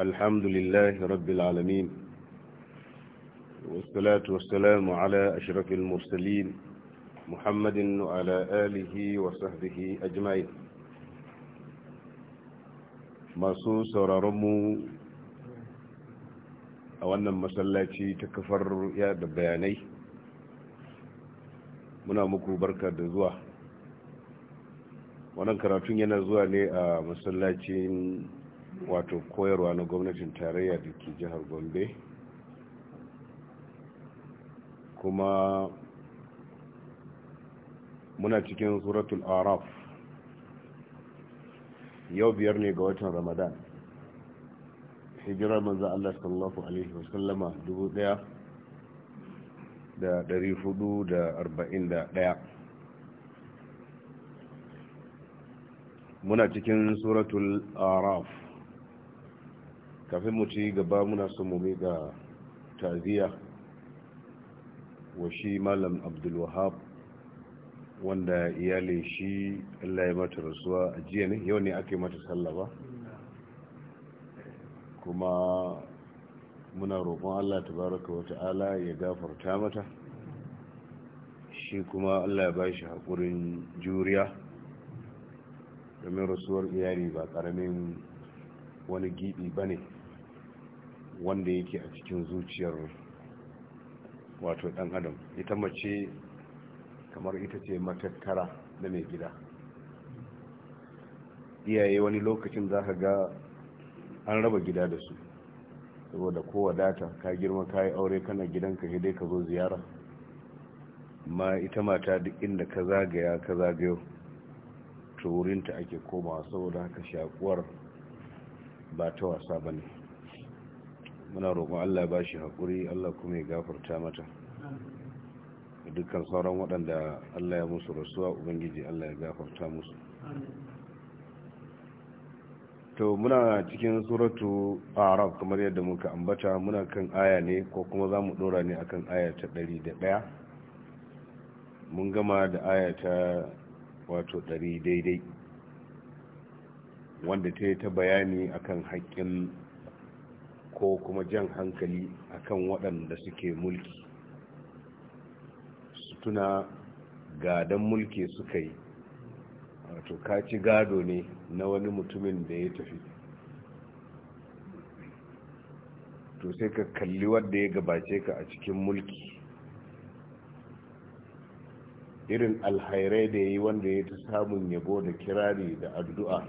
الحمد لله رب العالمين والصلاة والسلام على أشرف المرسلين محمد وعلى آله وصحبه أجمعين masu sauraronmu a wannan masallaci ta kafar ya da bayanai muna muku barka da zuwa wannan karatun yana zuwa ne a masallacin wato koyarwa na gwamnatin tarayya da ke jihar gombe kuma muna cikin suratul araf yau biyar ne ga watan ramadan hijirar manzan Allah sallallahu alaihi wasallama dubu daya da dari hudu da arba'in da daya muna cikin suratul araf kafin mu ci gaba muna son mu miƙa taziya wa shi malam abdulwahab wanda iyali shi allah ya mata rasuwa a jiya ne yau ne ake mata sallah ba kuma muna roƙon allah tabaraka wa ta'ala ya gafarta mata shi kuma allah ya shi haƙurin juriya domin rasuwar iyali ba ƙaramin wani gidi ba ne wanda yake a cikin zuciyar wato ɗan adam ita mace kamar ita ce matattara da mai gida iyaye wani lokacin za ka ga an raba gida da su saboda ko wadata ka girma ka yi aure kana gidanka ka dai ka zo ziyara ma ita mata duk inda ka zagaya ka zagayo to ake komawa saboda haka shakuwar ba ta wasa ba ne muna roƙon Allah ba shi haƙuri Allah kuma ya gafarta mata dukkan sauran waɗanda Allah ya musu rasuwa ubangiji Allah ya gafarta musu to muna cikin suratu arab kamar yadda muka ambata muna kan aya ne ko kuma za mu ɗora ne akan aya ta ɗaya mun gama da aya ta wato ɗari daidai wanda ta yi ta bayani akan haƙƙin ko kuma jan hankali akan waɗanda suke mulki su tuna gadon mulki suka yi wato kaci gado ne na wani mutumin da ya tafi to sai ka kalli wadda ya gabace ka a cikin mulki irin alhairai da ya yi wanda ya ta samun yabo da kirari da addu'a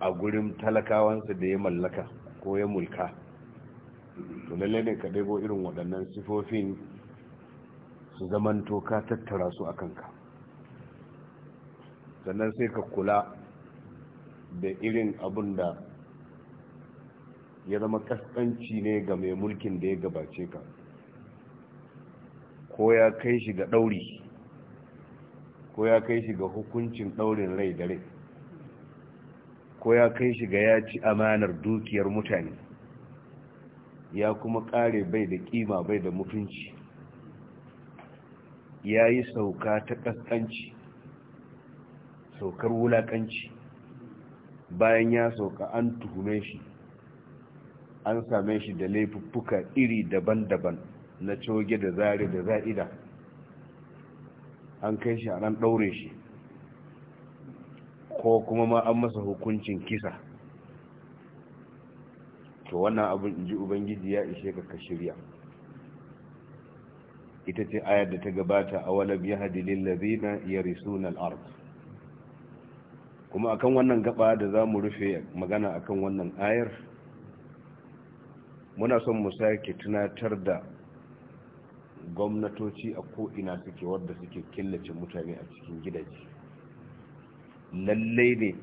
a gurin talakawansa da ya mallaka ko ya mulka to lalle ne ka daibo irin waɗannan sifofin su zamanto ka tattara su a ka sannan sai ka kula da irin abun da ya zama kaskanci ne ga mai mulkin da ya gabace ka ko ya kai shi ga ɗauri ko ya kai shi ga hukuncin ɗaurin rai da rai ko ya kai shi ga ya ci amanar dukiyar mutane ya kuma kare bai da kima bai da mutunci ya yi sauka ta ƙasƙanci saukar wulaƙanci bayan ya sauka an tuhume shi an same shi da laifuffuka iri daban-daban na coge da zare da za'ida an kai shi a nan ɗaure shi ko kuma ma an masa hukuncin kisa to wannan abin ji ubangiji ya ishe ka ka shirya ita ce ayar da ta gabata a walab ya hadilin lazina ya risunan art kuma akan wannan gaba da za mu rufe magana akan wannan ayar muna son mu sake tunatar da gwamnatoci a ko'ina suke wadda suke killace mutane a cikin gidaje lallai ne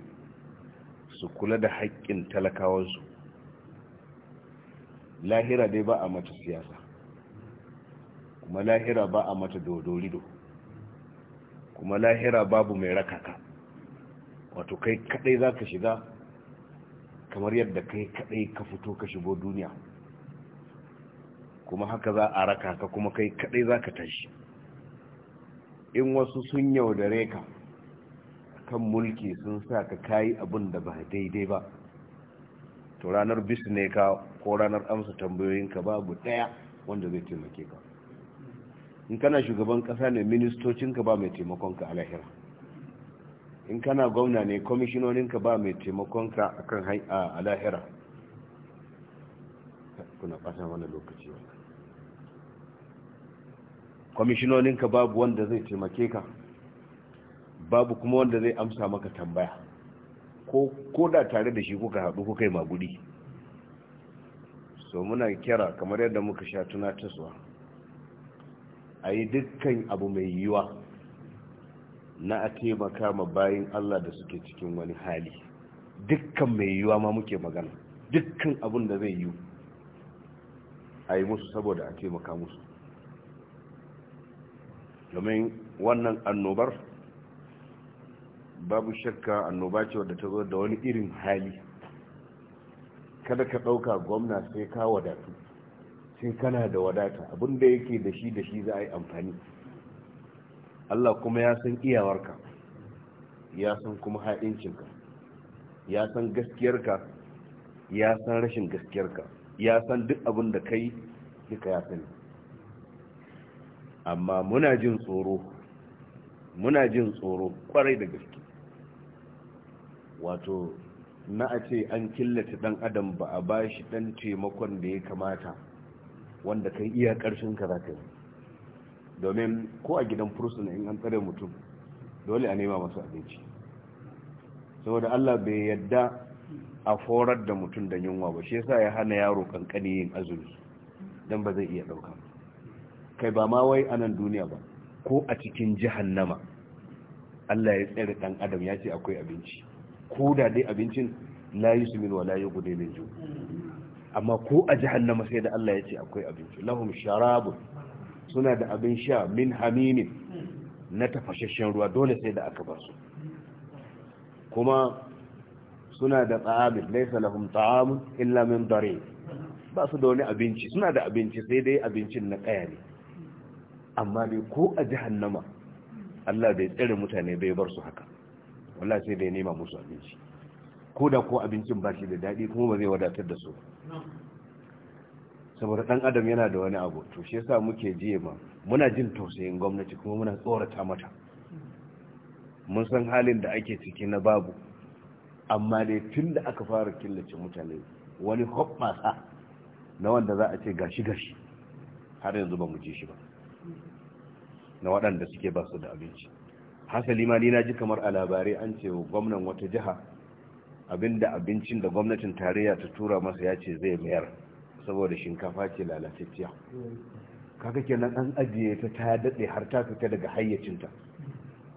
su kula da haƙƙin talakawansu lahira dai ba a mata siyasa kuma lahira ba a mata dodorido kuma lahira babu mai rakaka wato kai kadai za ka shiga kamar yadda kai kadai ka fito ka shigo duniya kuma haka za a raka ka kuma kai kadai za ka tashi in wasu sun yaudare ka kan mulki sun sa ka kayi abin da ba daidai ba to ranar bis ne ka ko ranar amsa tambayoyinka babu daya wanda zai taimake ka in kana shugaban kasa ne ministocinka ba mai taimakon ka alahira in kana gwamna ne kwamishinoninka ba mai taimakon ka akan a alahira kuna fata wani lokaci kwamishinoninka babu wanda zai taimake ka babu kuma wanda zai amsa maka tambaya ko da tare da shi kuka haɗu kuka ma magudi so muna kira kamar yadda muka sha tunatarwa a yi dukkan abu mai yiwa na a taimaka ma bayan allah da suke cikin wani hali dukkan mai yiwa ma muke magana dukkan abun da zai yiwu a yi musu saboda a taimaka musu domin wannan annobar babu shakka annoba ce wadda ta zo da wani irin hali kada ka ɗauka gwamna sai ka wadatu sai kana da wadata abinda yake da shi da shi za a yi amfani allah kuma ya san iyawarka ya san kuma ha'incinka ya san gaskiyarka ya san rashin gaskiyarka ya san duk abin da kai duka ya sani amma muna jin tsoro muna jin tsoro kwarai da gaske wato na a ce an killace dan adam ba a ba shi dan taimakon da ya kamata wanda kan iya karshen ka zaka yi domin ko a gidan fursuna in an tsare mutum dole a nema masu abinci saboda Allah bai yadda a forar da mutum da yunwa ba shi yasa ya hana yaro kankani yin azumi dan ba zai iya dauka kai ba ma wai anan duniya ba ko a cikin jahannama Allah ya tsare dan adam ya ce akwai abinci ko da dai abincin la yusmin wa la yughni min ju amma ko a jahannama sai da Allah ya ce akwai abinci lahum sharabun suna da abin sha min hamimin na tafashashen ruwa dole sai da aka ba su kuma suna da ta'amin laisa lahum ta'amun illa min dare ba su da wani abinci suna da abinci sai dai abincin na kaya ne amma dai ko a jahannama Allah bai tsare mutane bai bar su haka wallahi sai da ya nema musu abinci ko da ko abincin ba shi da daɗi kuma ba zai wadatar da su saboda ɗan adam yana da wani abu to shi yasa muke jiye ma muna jin tausayin gwamnati kuma muna tsorata mata mun san halin da ake ciki na babu amma dai tun da aka fara killace mutane wani hoɓɓasa na wanda za a ce gashi-gashi har yanzu ba mu ji shi ba na waɗanda suke ba su da abinci hasali ma ni na ji kamar a labarai an ce wa gwamnan wata jiha abinda abincin da gwamnatin tarayya ta tura masa ya ce zai mayar saboda shinkafa ce lalatacciya kaga kenan an ajiye ta ta daɗe har ta fita daga hayyacinta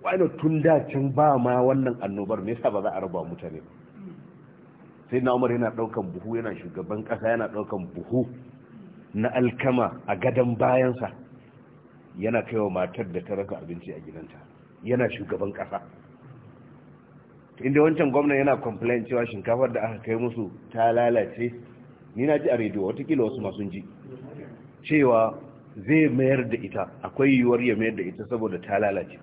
wani tun da can ba ma wannan annobar me yasa ba za a raba mutane ba sai na umar yana ɗaukan buhu yana shugaban ƙasa yana ɗaukan buhu na alkama a gadon bayansa yana kaiwa matar da ta raka abinci a gidanta yana shugaban kasa inda wancan gwamna yana complain cewa shinkafar da aka kai musu ta lalace ni na ji a rediyo watakila wasu masu ji cewa zai mayar da ita akwai yiwuwar ya mayar da ita saboda ta lalace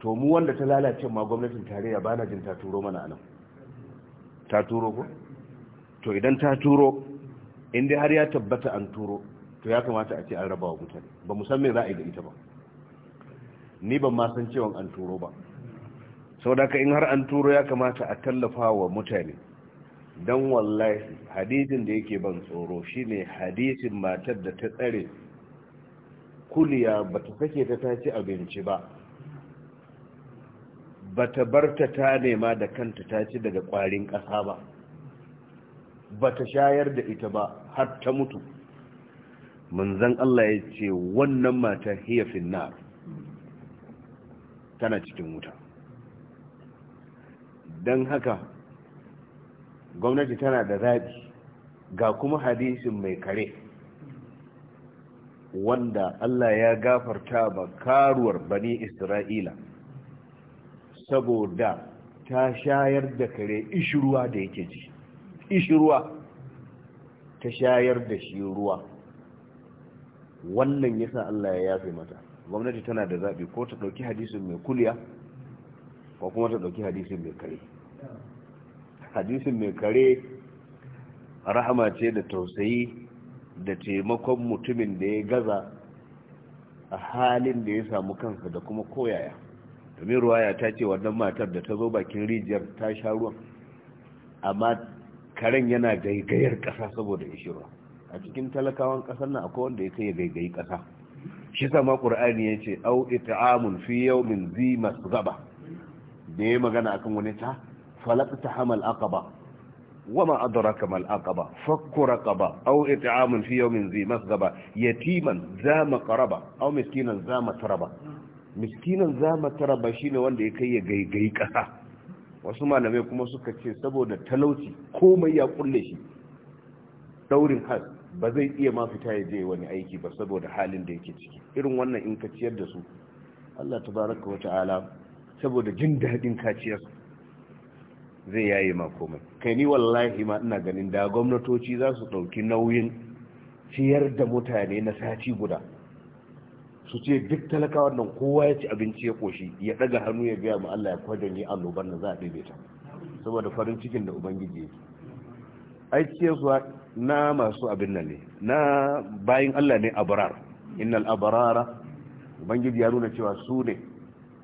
to mu wanda ta lalace ma gwamnatin tarayya ba na jin ta turo mana nan ta turo ko to idan ta turo inda har ya tabbata an turo to ya kamata a ce an raba wa mutane ba musamman za a yi da ita ba ni ban ma san cewa an turo ba sau da in har an turo ya kamata a tallafa wa mutane don wallahi hadisin da yake ban tsoro shine hadisin matar da ta tsare kuliya ba ta sake ta taci abinci ba ba ta bar ta ta nema da kanta ta ci daga kwarin ƙasa ba ba ta shayar da ita ba har ta mutu manzan Allah ya ce wannan mata hiya finnar tana cikin wuta don haka gwamnati tana da zaɓi ga kuma hadisin mai kare wanda Allah ya gafarta ba karuwar bani Isra'ila saboda ta shayar da kare ishirwa da yake ji ishirwa ta shayar da shi ruwa wannan yasa Allah ya yafe mata gwamnati tana da zaɓi ko ta ɗauki hadisin mai kuliya ko kuma ta ɗauki hadisin mai kare hadisin mai kare rahama ce da tausayi da taimakon mutumin da ya gaza a halin da ya samu kansa da kuma koyaya domin ruwaya ta ce wannan matar da ta zo bakin rijiyar ta sha ruwan amma karen yana gaigayar ƙasa saboda ishirwa a cikin talakawan ƙasar nan akwai wanda ya kai ya gaigayi ƙasa shi sama ƙur'ani ya ce au amun fi min zi zaba da ya magana akan wani ta ta hamal adara wama aka ba fakkura ka ba au amun fi min zi masu masgaba yatiman za maqraba au miskinan za taraba. miskinan za shi shine wanda ya kai ya gaigai kasa wasu malamai kuma suka ce saboda talauci komai ya kulle shi daurin has ba zai iya ma fita ya je wani aiki ba saboda halin da yake ciki irin wannan in ka ciyar da su Allah tabaraka wa ta'ala saboda jin daɗin kaciyar zai yayi ma komai kai ni wallahi ma ina ganin da gwamnatoci za su ɗauki nauyin ciyar da mutane na sati guda su ce duk talakawar nan kowa ya ci abinci ya koshi ya ɗaga hannu ya biya ma Allah ya kwadon yi annoban nan za a ɗebe ta saboda farin cikin da ubangiji yake aikiyar ciyarwa na masu abin nan ne na bayin Allah ne abrar innal abrara ubangiji ya nuna cewa su ne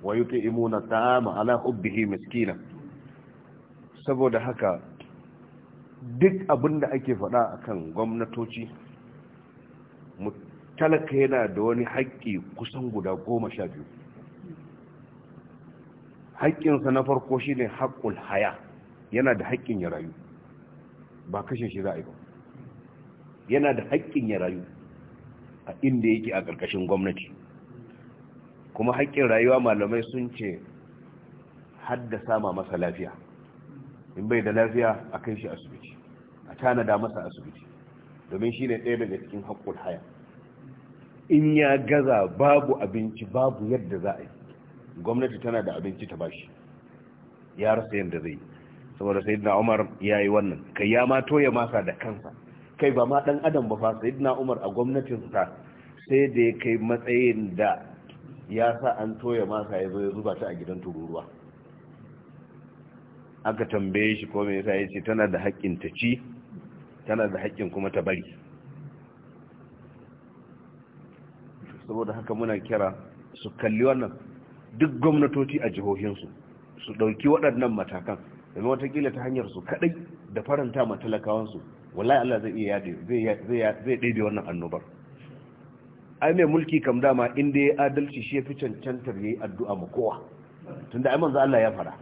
wa yut'imuna ta'ama ala hubbihi miskina saboda haka duk abin da ake faɗa akan gwamnatoci mu talaka yana da wani haƙƙi kusan guda goma sha biyu haƙƙinsa na farko shine haƙƙul haya yana da haƙƙin ya rayu ba kashe shi za a yi ba yana da haƙƙin ya rayu a inda yake a ƙarƙashin gwamnati kuma haƙƙin rayuwa malamai sun ce haddasa ma masa lafiya in bai da lafiya a kan shi asibiti a tanada masa asibiti domin shi ne ɗaya daga cikin haƙƙun haya in ya gaza babu abinci babu yadda za a yi gwamnati tana da abinci ta bashi ya rasa yadda zai yi saboda na umar ya yi wannan kai ya ma toya masa da kansa kai ba ma dan adam ba fa sayyidina umar a gwamnatinsa sai da ya kai matsayin da ya sa an toya masa ya zo ya zuba ta a gidan tururuwa aka tambaye shi ko me yasa ya ce tana da haƙƙin ta ci tana da haƙƙin kuma ta bari saboda haka muna kira su kalli wannan duk gwamnatoci a jihohinsu su ɗauki waɗannan matakan domin watakila ta hanyar su kadai da faranta ma talakawansu wallahi Allah zai iya zai daidai wannan annobar ai mai mulki kam dama inda ya adalci shi ya fi cancantar yayi addu'a ma kowa tunda ai manzo Allah ya fara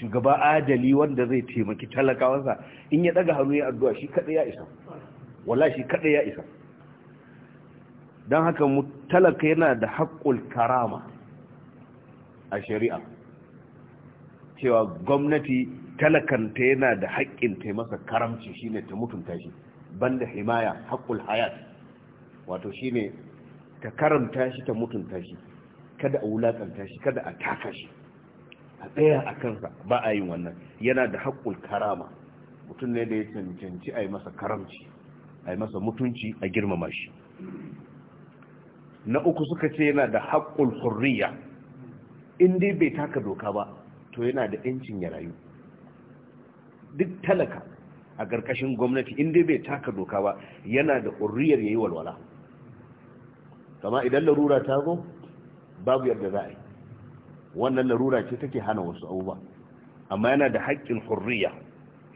shugaba adali wanda zai taimaki talakawansa in ya daga hannu ya addu'a shi kadai ya isa wallahi shi kadai ya isa don haka talaka yana da haƙƙul karama a shari'a cewa gwamnati talakanta yana da haƙƙin ta masa karamci shine ta mutunta shi banda himaya haƙƙul hayat wato shine ta karamta shi ta mutunta shi kada a wulaƙanta shi kada a taka shi a tsaya a kansa ba a yin wannan yana da haƙƙul karama mutum ne da ya cancanci a yi masa karamci a yi masa mutunci a girmama shi na uku suka ce yana da haƙƙul hurriya in dai bai taka doka ba to yana da 'yancin ya rayu duk talaka a ƙarƙashin gwamnati inda bai taka doka ba yana da ƙuriyar ya yi walwala kama idan larura ta zo babu yadda za a yi wannan larura ce take hana wasu abubuwa amma yana da haƙƙin hurriya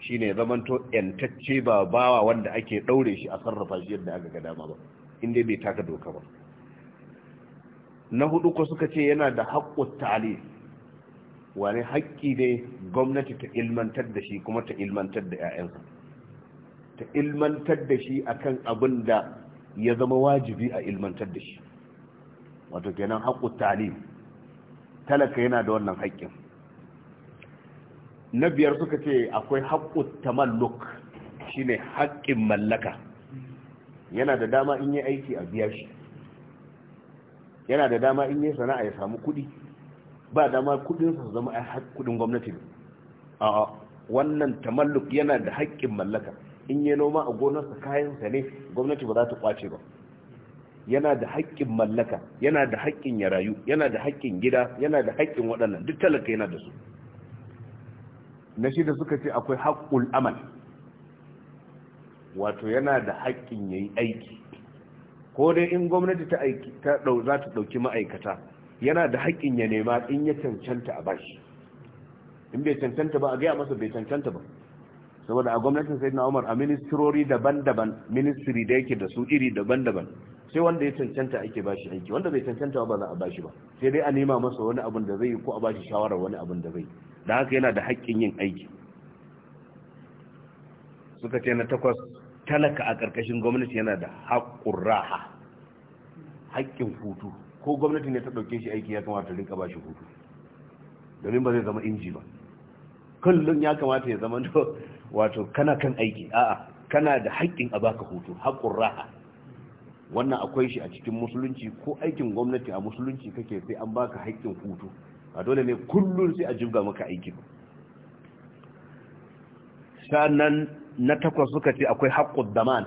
shi ne zamanto ‘yantacce ba bawa wanda ake ɗaure shi a sarrafa shi yadda aka ga dama ba inda bai taka doka ba na hudu ko suka ce yana da haƙƙun ta'ali wani haƙƙi ne gwamnati ta ilmantar da shi kuma ta ilmantar da 'ya'yansa ta ilmantar da shi akan abin da ya zama wajibi a ilmantar da shi wato kenan haƙƙun talib talaka yana da wannan haƙƙin na biyar suka ce akwai haƙƙun tamalluk shine haƙƙin mallaka yana da dama in yi aiki a biya shi yana da dama in yi sana'a ya samu kuɗi ba dama kudin su zama a kudin gwamnati ne a wannan tamalluk yana da haƙƙin mallaka in yi noma a gonarsa kayansa ne gwamnati ba za ta kwace ba yana da haƙƙin mallaka yana da haƙƙin ya rayu yana da haƙƙin gida yana da haƙƙin waɗannan duk talaka yana da su na shi da suka ce akwai haƙƙul amal wato yana da haƙƙin ya yi aiki ko dai in gwamnati ta aiki ta ɗau za ta ɗauki ma'aikata yana da haƙƙin ya nema in ya cancanta a bashi in bai cancanta ba a gaya masa bai cancanta ba saboda a gwamnatin sai na umar a ministrori daban-daban ministry da yake da su iri daban-daban sai wanda ya cancanta ake bashi aiki wanda bai cancanta ba za a bashi ba sai dai a nema masa wani abin da zai yi ko a bashi shawarar wani abin da zai da haka yana da haƙƙin yin aiki suka ce na takwas talaka a ƙarƙashin gwamnati yana da haƙƙin raha haƙƙin hutu ko gwamnati ne ta ɗauke shi aiki ya kamata rinka ba shi hutu domin ba zai zama inji ba kullum ya kamata ya zama wato kana kan aiki a'a kana da haƙƙin a baka hutu haƙƙin raha wannan akwai shi a cikin musulunci ko aikin gwamnati a musulunci kake sai an baka haƙƙin hutu a dole ne kullum sai a jibga maka aikin sa'annan na takwas suka ce akwai haƙƙin zaman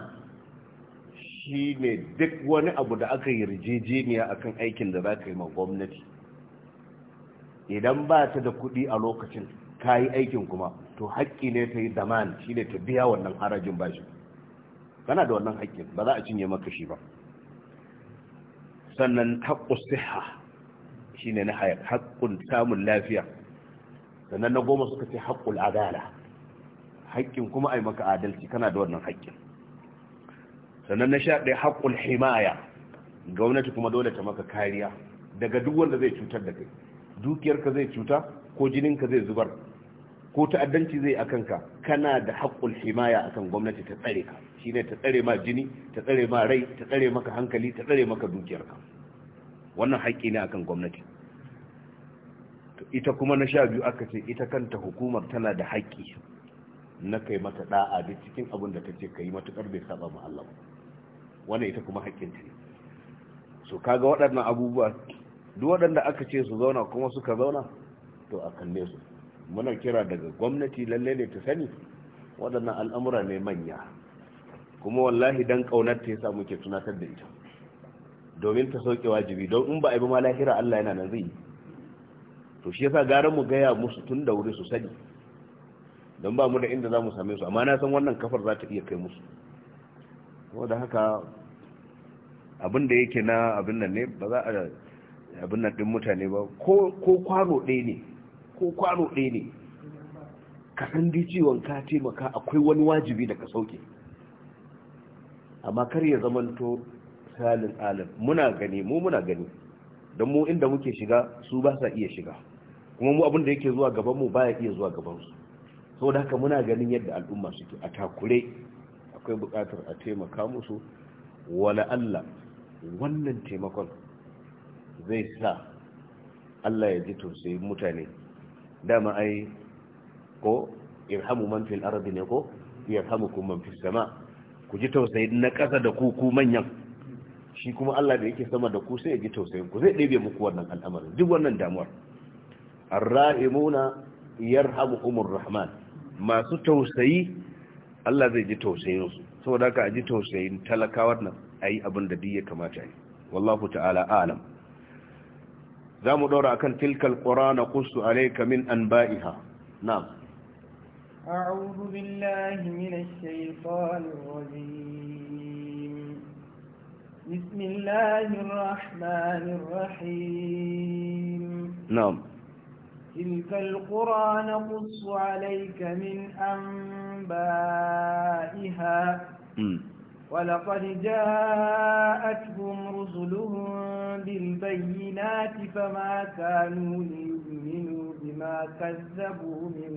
shi ne duk wani abu da aka yi a kan aikin da za ka yi ma gwamnati idan ba ta da kuɗi a lokacin ka yi aikin kuma to haƙƙi ne ta yi zaman shi ne ta biya wannan harajin bashi kana da wannan haƙƙin ba za a cinye maka shi ba sannan haƙƙu siha shi ne na haƙƙun samun lafiya sannan na goma suka ce haƙƙul adala haƙƙin kuma a yi maka adalci kana da wannan haƙƙin sannan na sha ɗaya haƙƙun himaya gwamnati kuma dole ta maka kariya daga duk wanda zai cutar da kai dukiyarka zai cuta ko jininka zai zubar ko ta'addanci zai a kanka kana da haƙƙun himaya akan gwamnati ta tsare ka shine ta tsare ma jini ta tsare ma rai ta tsare maka hankali ta tsare maka dukiyarka wannan haƙƙi ne akan gwamnati ita kuma na sha biyu aka ce ita kanta hukumar tana da haƙƙi na kai mata da'a duk cikin abin da ta ce ka yi matuƙar bai saba ma Allah ba wannan ita kuma hakkin ta so kaga waɗannan abubuwa duk waɗanda aka ce su zauna kuma suka zauna to a kalle su muna kira daga gwamnati lalle ne ta sani waɗannan al'amura ne manya kuma wallahi dan kaunar ta yasa muke tunatar da ita domin ta sauke wajibi don in ba a yi ma lahira Allah yana nan zai to shi yasa gara mu gaya musu tun da wuri su sani don ba mu da inda za mu same su amma na san wannan kafar za ta iya kai musu da haka abin da yake na abin nan ne ba za a abin nan din mutane ba ko kwano ɗaya ne ko kwano ɗaya ne ka san dai ciwon ka taimaka akwai wani wajibi da ka sauke amma kar ya zamanto salin alim muna gani mu muna gani don mu inda muke shiga su ba sa iya shiga kuma mu abin da yake zuwa gaban mu baya iya zuwa gaban su saboda haka muna ganin yadda al'umma suke a takure akwai bukatar a taimaka musu wala'alla Allah wannan taimakon zai sa Allah ya ji tausayi mutane dama ai ko irhamu man fil ardi ne ko yarhamukum man fis sama ku ji tausayi na ƙasa da ku ku manyan shi kuma Allah da yake sama da ku sai ya ji tausayin ku zai ɗebe muku wannan al'amarin duk wannan damuwar arra'imuna yarhamuhumur rahman masu tausayi Allah zai ji tausayin su saboda haka a ji tausayin talakawar nan a yi abin da duk ya kamata yi wallahu ta'ala alam za mu ɗora kan tilkal ƙura na kusu alaika min an ba'iha na'am تلك القرى نقص عليك من أنبائها م. ولقد جاءتهم رسلهم بالبينات فما كانوا ليؤمنوا بما كذبوا من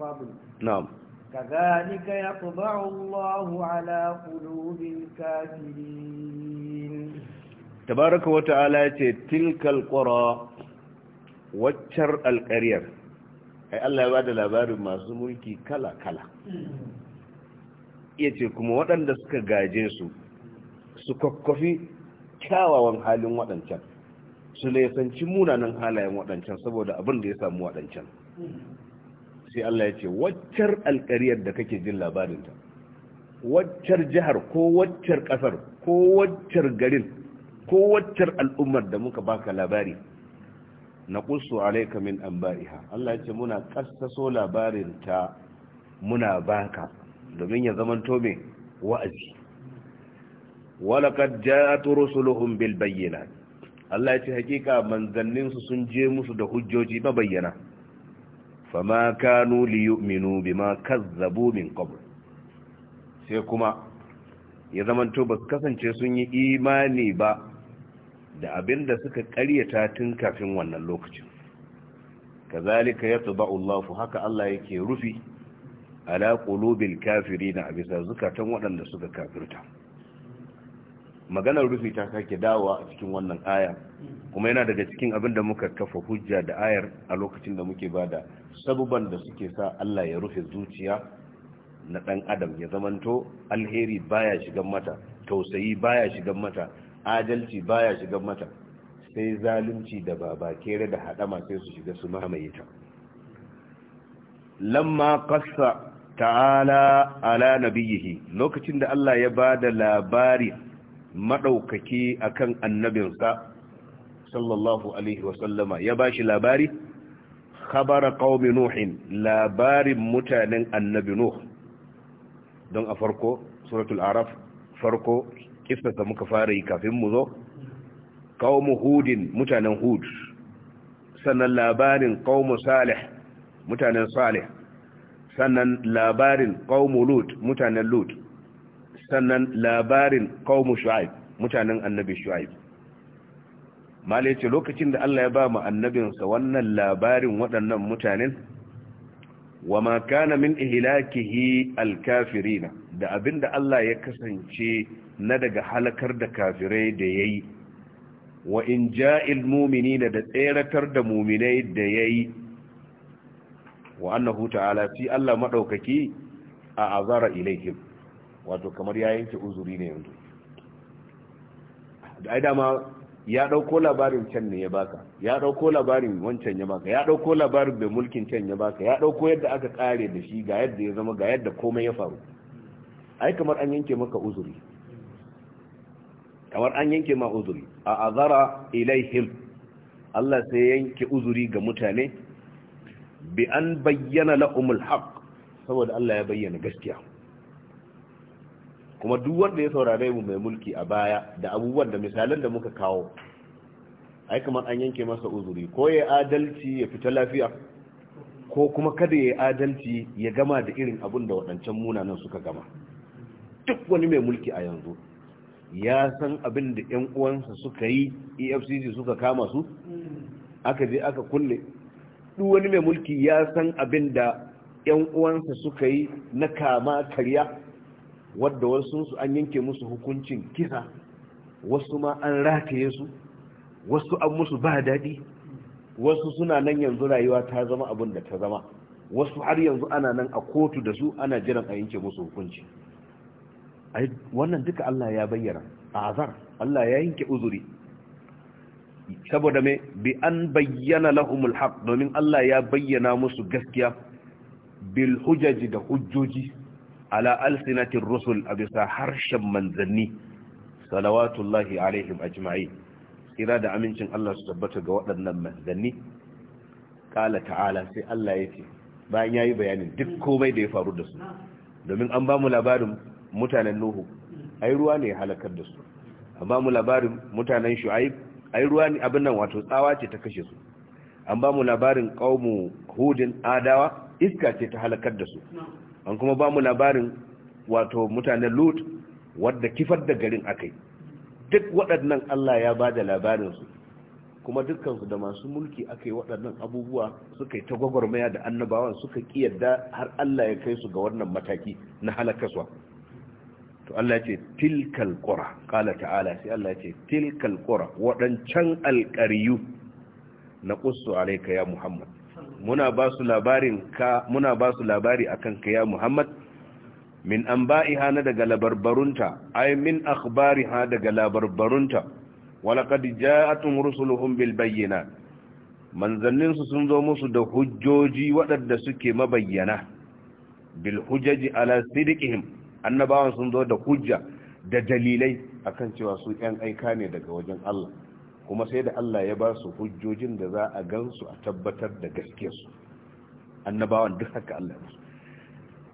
قبل نعم كذلك يطبع الله على قلوب الكافرين تبارك وتعالى تلك القرى وتر القرير أي الله يبادل أبار ما سمولك كلا كلا ya ce kuma waɗanda suka gaje su su kwakwafi kyawawan halin waɗancan su laifanci munanan halayen waɗancan saboda abin da ya samu waɗancan sai Allah ya ce waccar alƙariyar da kake jin labarinta waccar jihar ko waccar ƙasar ko waccar garin ko waccar al'ummar da muka baka labari na ƙusu an bari an Allah ya ce muna ƙasaso labarinta muna baka domin ya zamanto mai wa'azi walaqad ja'at rusuluhum bil bayyana. Allah ya ce hakika manzanninsu sun je musu da hujjoji mabayyana fama kanu li yu'minu bima kazzabu min qabl sai kuma ya zamanto ba su kasance sun yi imani ba da abin da suka karyata tun kafin wannan lokacin kazalika yatba'u Allah haka Allah yake rufi ala qulubil kafirina a bisa zukatan waɗanda suka kafirta maganar rufi ta sake dawowa a cikin wannan aya kuma yana daga cikin abin da muka kafa hujja da ayar a lokacin da muke bada sabuban da suke sa Allah ya rufe zuciya na dan adam ya zamanto alheri baya shigan mata tausayi baya shigan mata adalci baya shigan mata sai zalunci da baba kere da hadama sai su shiga su mamaye ta lamma qassa ta'ala ala nabiyihi lokacin da Allah ya ba da labari maɗaukaki akan annabinsa sallallahu alaihi wasallama ya ba shi labari khabara qaumi nuhin labarin mutanen annabi nuh don a farko suratul araf farko kissa muka fara yi kafin mu zo qaumu hudin mutanen hud sannan labarin qaumu salih mutanen salih sannan labarin qaumu lut mutanen lut sannan labarin qaumu shu'aib mutanen annabi shu'aib malai ce lokacin da Allah ya ba mu annabinsa wannan labarin waɗannan mutanen wa ma kana min ihlakihi alkafirina da abinda Allah ya kasance na daga halakar da kafirai da yayi wa in ja'il mu'minina da tseratar da mu'minai da yayi wa annahu ta'ala fi Allah madaukaki a azara ilaihim wato kamar ya yanke uzuri ne yanzu da ai dama ya dauko labarin can ne ya baka ya dauko labarin wancan ya baka ya dauko labarin da mulkin can ya baka ya dauko yadda aka kare da shi ga yadda ya zama ga yadda komai ya faru ai kamar an yanke maka uzuri kamar an yanke ma uzuri a azara ilaihim Allah sai yanke uzuri ga mutane bi an bayyana la'umul haq saboda Allah ya bayyana gaskiya kuma duk wanda ya saurare mu mai mulki a baya da abubuwan da misalan da muka kawo ai kamar an yanke masa uzuri ko ya adalci ya fita lafiya ko kuma kada ya adalci ya gama da irin abun da waɗancan munanan suka gama duk wani mai mulki a yanzu ya san abin da 'yan uwansa suka yi efcc suka kama su aka je aka kulle duk wani mai mulki ya san abin da 'yan uwansa suka yi na kama karya wadda wasu an yanke musu hukuncin kisa wasu ma an rataye su wasu an musu ba daɗi wasu suna nan yanzu rayuwa ta zama abin da ta zama wasu har yanzu ana nan a kotu da su ana jiran a yanke musu hukunci wannan duka Allah ya bayyana a azar Allah ya yanke uzuri saboda me bi an bayyana lahumul haq domin Allah ya bayyana musu gaskiya bil hujaji da hujjoji ala alsinatir rusul a bisa harshen manzanni salawatullahi alaihim ajma'i ira da amincin Allah su tabbata ga waɗannan manzanni kala ta'ala sai Allah ya ce bayan yayi bayanin duk komai da ya faru da su domin an ba mu labarin mutanen Nuhu ai ruwa ne ya halakar da su an ba mu labarin mutanen Shu'aib ai ruwa ne abin nan wato tsawa ce ta kashe su an ba mu labarin qaumu hudin adawa iska ce ta halakar da su an kuma ba mu labarin wato mutanen lut wadda kifar da garin akai duk waɗannan Allah ya ba da labarin su kuma dukkansu da masu mulki aka waɗannan abubuwa suka yi ta gwagwarmaya da annabawan suka ƙi yarda har Allah ya kai su ga wannan mataki na halakarwa to Allah ce tilkal qura ƙala ta'ala sai Allah ce tilkal qura Waɗancan alqariyu na qussu alayka ya muhammad muna ba su labarin a kan labari ka ya muhammad min anba'iha na daga labarbarunta Ai min akhbariha daga labarbarunta walaqad ja'atum rusuluhum bil bayyana. Manzanninsu sun zo musu da hujjoji waɗanda suke mabayyana bil hujaji ala sidqihim annabawan sun zo da hujja da dalilai akan cewa su yan aika ne daga wajen Allah kuma sai da Allah ya ba su hujjojin da za a gansu a tabbatar da gaskiyarsu annabawan duk haka Allah ya su.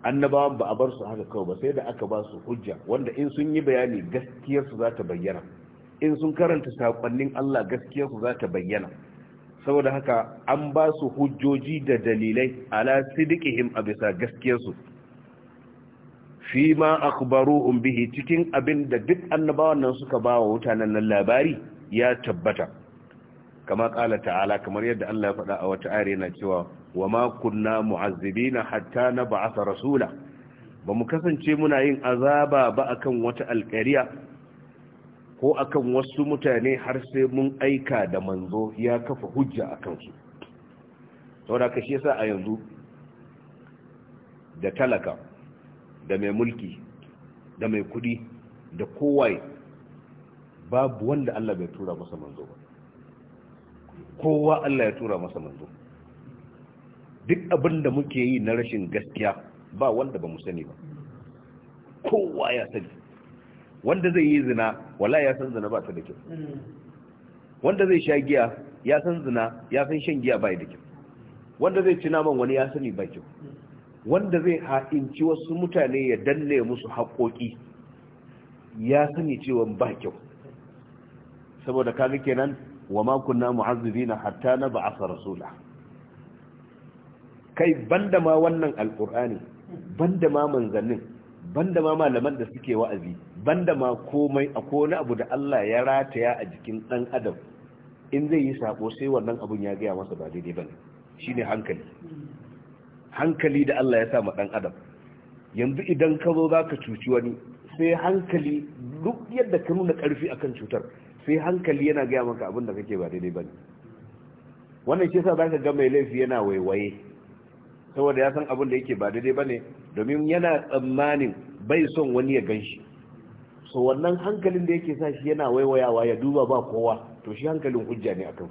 annabawan ba a bar su haka kawai ba sai da aka ba su hujja wanda in sun yi bayani gaskiyarsu za ta bayyana in sun karanta saƙonnin Allah gaskiyarsu za ta bayyana saboda haka an ba su hujjoji da dalilai ala sidiqihim a bisa gaskiyarsu fi ma akubaru bihi cikin abin da duk annabawan nan suka ba wa mutanen nan labari ya tabbata kama kala ta'ala kamar yadda Allah ya faɗa a wata ayar yana cewa wa ma kunna mu'azzibina hatta nab'atha rasula ba mu kasance muna yin azaba ba akan wata alƙariya ko akan wasu mutane har sai mun aika da manzo ya kafa hujja akan su saboda kashi yasa a yanzu da talaka da mai mulki da mai kudi da kowai babu wanda Allah bai tura masa manzo ba kowa Allah ya tura masa manzo duk abin da muke yi na rashin gaskiya ba wanda ba mu sani ba kowa ya sani wanda zai yi zina wala ya san zina ba ta da kyau wanda zai sha giya ya san zina ya san shan giya ba da kyau wanda zai ci naman wani ya sani ba kyau wanda zai ha'inci wasu mutane ya danne musu haƙoƙi ya sani cewa ba kyau saboda kaga kenan wa ma kunna mu'azzibina hatta na ba'asa rasula kai banda ma wannan alqur'ani banda ma manzannin banda ma malaman da suke wa'azi banda ma komai akwai wani abu da Allah ya rataya a jikin dan adam in zai yi sako sai wannan abun ya gaya masa ba daidai bane shine hankali hankali da Allah ya sa ma adam yanzu idan ka zo za ka cuci wani sai hankali duk yadda ka nuna ƙarfi a kan cutar sai hankali yana gaya maka abinda ka kake ba daidai ba ne, wannan shi yasa za ka ga mai laifi yana waiwaye saboda ya san abin yake ba daidai ba ne, domin yana tsammanin bai son wani ya ganshi so wannan hankalin da yake sa shi yana waiwayawa ya duba ba kowa to shi hankalin hujja ne a su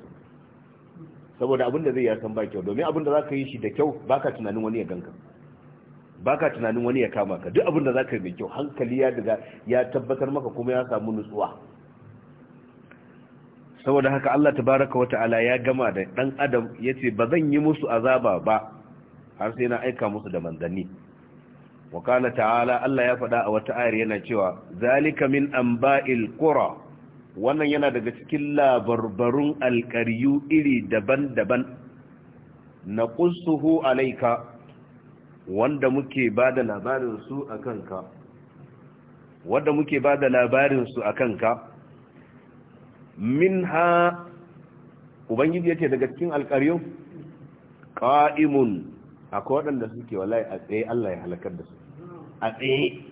saboda abin da zai ya ba kyau domin abin da za ka yi shi da kyau ka tunanin wani ya ganka ka tunanin wani ya kama ka duk abin da za ka yi mai kyau hankali ya daga ya tabbatar maka kuma ya samu nutsuwa saboda haka Allah ta baraka wa ta'ala ya gama da ɗan adam ya ce ba zan yi musu azaba ba har sai na aika musu da manzanni wa ta'ala Allah ya faɗa a wata ayar yana cewa zalika min amba'il qura wannan yana daga cikin labarbarun alƙaryu iri daban-daban na ƙusuhu alaika wanda muke ba da labarinsu a kanka wanda muke ba da labarinsu a kanka min ha ubangiji ya ce daga cikin alƙaryu ƙa'imun akwai waɗanda suke wallahi a tsaye Allah ya halakar da su a tsaye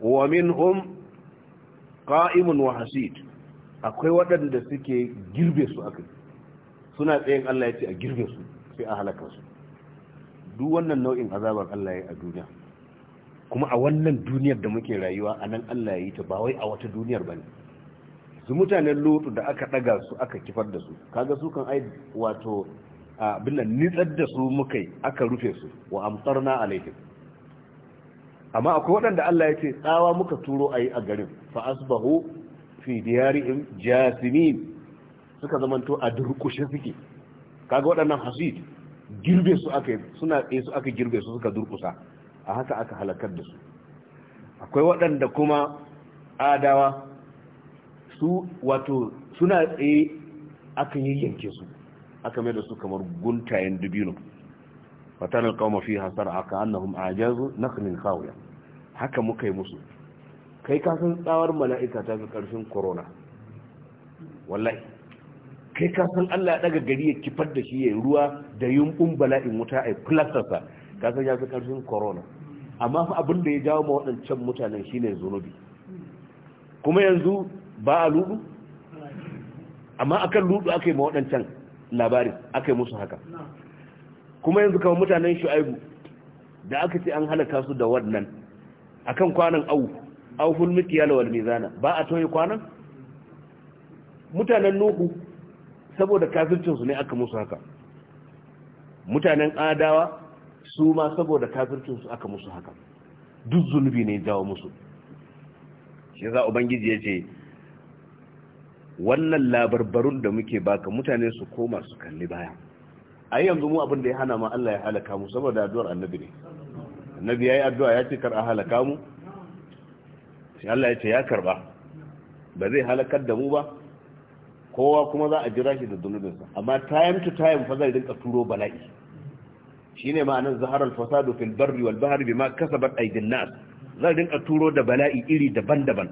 wa min hum qa'imun wa hasid akwai waɗanda suke girbe su akai suna tsayin Allah ya ce a girbe su sai a halaka su duk wannan nau'in azabar Allah ya a duniya kuma a wannan duniyar da muke rayuwa a nan Allah ya ta ba wai a wata duniyar bane su mutanen lutu da aka ɗaga su aka kifar da su kaga su kan ai wato abin nan nitsar da su mukai aka rufe su wa na alaihim amma akwai waɗanda Allah ya ce tsawa muka turo a yi a garin fa asbahu fi diyarihim jasimin suka zamanto a durkushe suke kaga waɗannan hasid girbe su aka suna su aka girbe su suka durkusa a haka aka halakar da su akwai waɗanda kuma adawa su wato suna tsaye aka yayyanke su aka mai da su kamar guntayen dubino fataral qauma fiha sar'a ka annahum ajazu naqlin khawiya haka muka yi musu kai ka san tsawar mala'ika ta fi ƙarfin corona wallahi kai ka san Allah ya daga gari ya kifar da shi ya ruwa da yumbun bala'in wuta ai plastersa ka san ya fi ƙarfin corona amma fa abin da ya jawo ma waɗancan mutanen shi ne zunubi kuma yanzu ba a ludu amma akan ludu aka yi ma waɗancan labarin aka yi musu haka kuma yanzu kamar mutanen shu'aibu da aka ce an halaka su da wannan akan kwanan au auhul mikyala wal mizana ba a toye kwanan mutanen nuhu saboda kafircin su ne aka musu haka mutanen adawa su ma saboda kafircin su aka musu haka duk zunubi ne jawo musu shi za ubangiji ya ce wannan labarbarun da muke baka mutane su koma su kalli baya ai yanzu mu abin da ya hana ma Allah ya halaka mu saboda addu'ar annabi ne annabi yayi addu'a ya ce kar a halaka mu sai Allah ya ce ya karba ba zai halakar da mu ba kowa kuma za a jira shi da sa. amma time to time fa zai rinka turo bala'i shine ma'anar zaharar fasadu fil barri wal bahri bima kasabat aydin nas zai rinka turo da bala'i iri daban-daban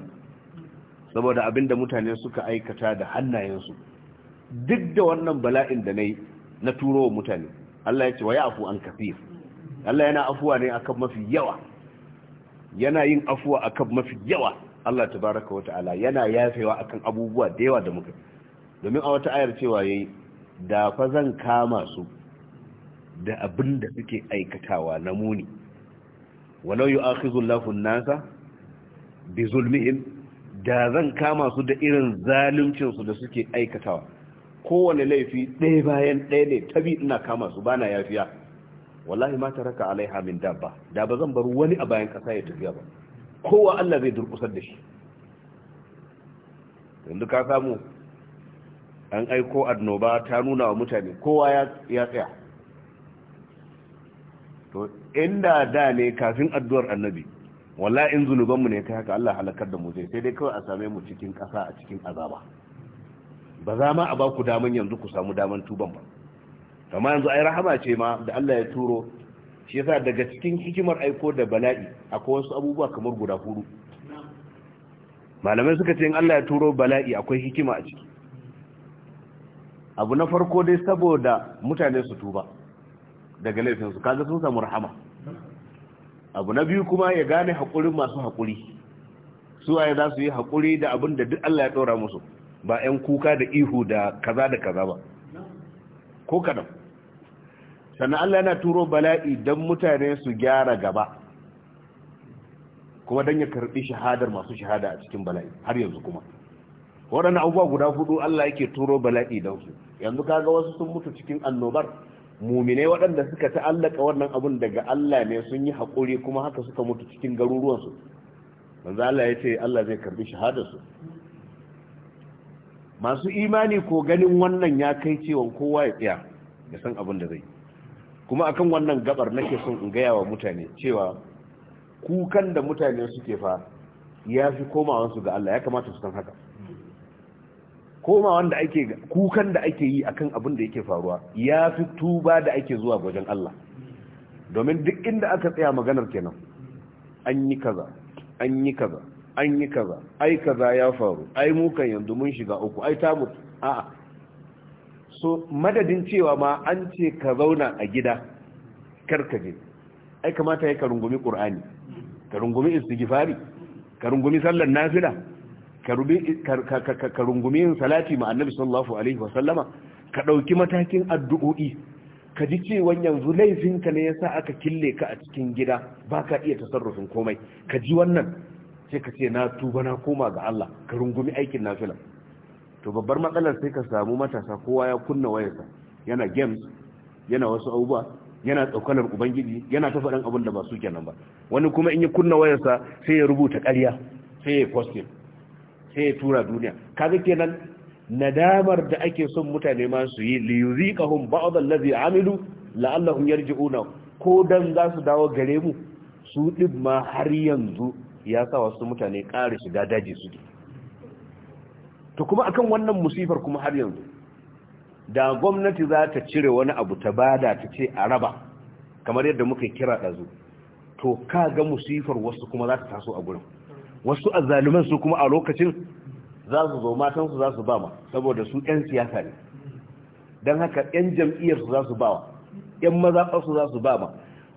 saboda abinda mutane suka aikata da hannayensu duk da wannan bala'in da nayi na turo wa mutane Allah ya ce wa ya afu an kafir Allah yana afuwa ne akan mafi yawa yana yin afuwa akan mafi yawa Allah tabaraka wa ta'ala yana yafewa akan abubuwa da yawa da muka domin a wata ayar cewa yayi da fa zan kama su da abinda da suke aikatawa na muni walau yu'akhizu Allahu an-nasa bi zulmihim da zan kama su da irin zaluncin su da suke aikatawa kowane laifi ɗaya bayan ɗaya ne tabi ina kama su bana yafiya wallahi ma taraka alaiha min dabba da ba zan bar wani a bayan ƙasa ya tafiya ba kowa Allah zai durkusar da shi yanzu ka samu an aiko annoba ta nuna wa mutane kowa ya tsaya to inda da ne kafin addu'ar annabi wallahi in zunubanmu ne kai haka Allah halakar da mu sai dai kawai a same mu cikin ƙasa a cikin azaba ba za ma a ba ku daman yanzu ku samu daman tuban ba amma yanzu ai rahama ce ma da Allah ya turo shi yasa daga cikin hikimar aiko da bala'i akwai wasu abubuwa kamar guda hudu malamai suka ce in Allah ya turo bala'i akwai hikima a ciki abu na farko dai saboda mutane su tuba daga laifinsu kaga sun samu rahama abu na biyu kuma ya gane haƙurin masu haƙuri su waye za su yi haƙuri da abin da duk Allah ya ɗora musu ba 'yan kuka da ihu da kaza da kaza ba ko kadan sannan Allah yana turo bala'i don mutane su gyara gaba kuma don ya karɓi shahadar masu shahada a cikin bala'i har yanzu kuma waɗanda abubuwa guda hudu Allah yake turo bala'i don su yanzu kaga wasu sun mutu cikin annobar mumine waɗanda suka ta'allaka wannan abun daga Allah ne sun yi haƙuri kuma haka suka mutu cikin garuruwansu manzo ya ce Allah zai karɓi shahadarsu masu imani ko ganin wannan ya kai cewa kowa ya tsaya ya san abin da zai kuma akan wannan gabar nake son in gaya wa mutane cewa kukan da mutane suke fa ya fi komawansu ga Allah ya kamata su san haka komawan da ake kukan da ake yi akan abin da yake faruwa ya fi tuba da ake zuwa wajen Allah domin duk inda aka tsaya maganar kenan an yi kaza an yi kaza an yi kaza ai kaza ya faru ai mu kan yanzu mun shiga uku ai tamu a'a so madadin cewa ma an ce ka zauna a gida karkaje ai kamata ya ka rungumi qur'ani ka rungumi istighfari ka rungumi sallar nafila ka rungumi salati ma annabi sallallahu alaihi wa sallama ka dauki matakin addu'o'i ka ji cewan yanzu laifinka ne yasa aka kille ka a cikin gida baka iya tasarrufin komai ka ji wannan sai ka ce na tuba na koma ga Allah ka rungumi aikin nafila to babbar matsalar sai ka samu matasa kowa ya kunna wayarsa yana games yana wasu abubuwa yana tsokanar ubangiji yana ta faɗin abin da ba su kenan ba wani kuma in yi kunna wayarsa sai ya rubuta ƙarya sai ya postin sai ya tura duniya kaga kenan nadamar da ake son mutane ma su yi li yuziqahum ba'd allazi amilu la'allahum yarji'una ko dan za su dawo gare mu su din ma har yanzu ya sa wasu mutane ƙari shiga daji suke to kuma akan wannan musifar kuma har yanzu da gwamnati za ta cire wani abu ta bada ta ce a raba kamar yadda muka kira ɗazu to ka ga musifar wasu kuma za ta taso a gurin wasu azzaluman su kuma a lokacin za su zo matansu za su ba ma saboda su ƴan siyasa ne don haka 'yan jam'iyyarsu za su ba wa ƴan mazaɓarsu za su ba ma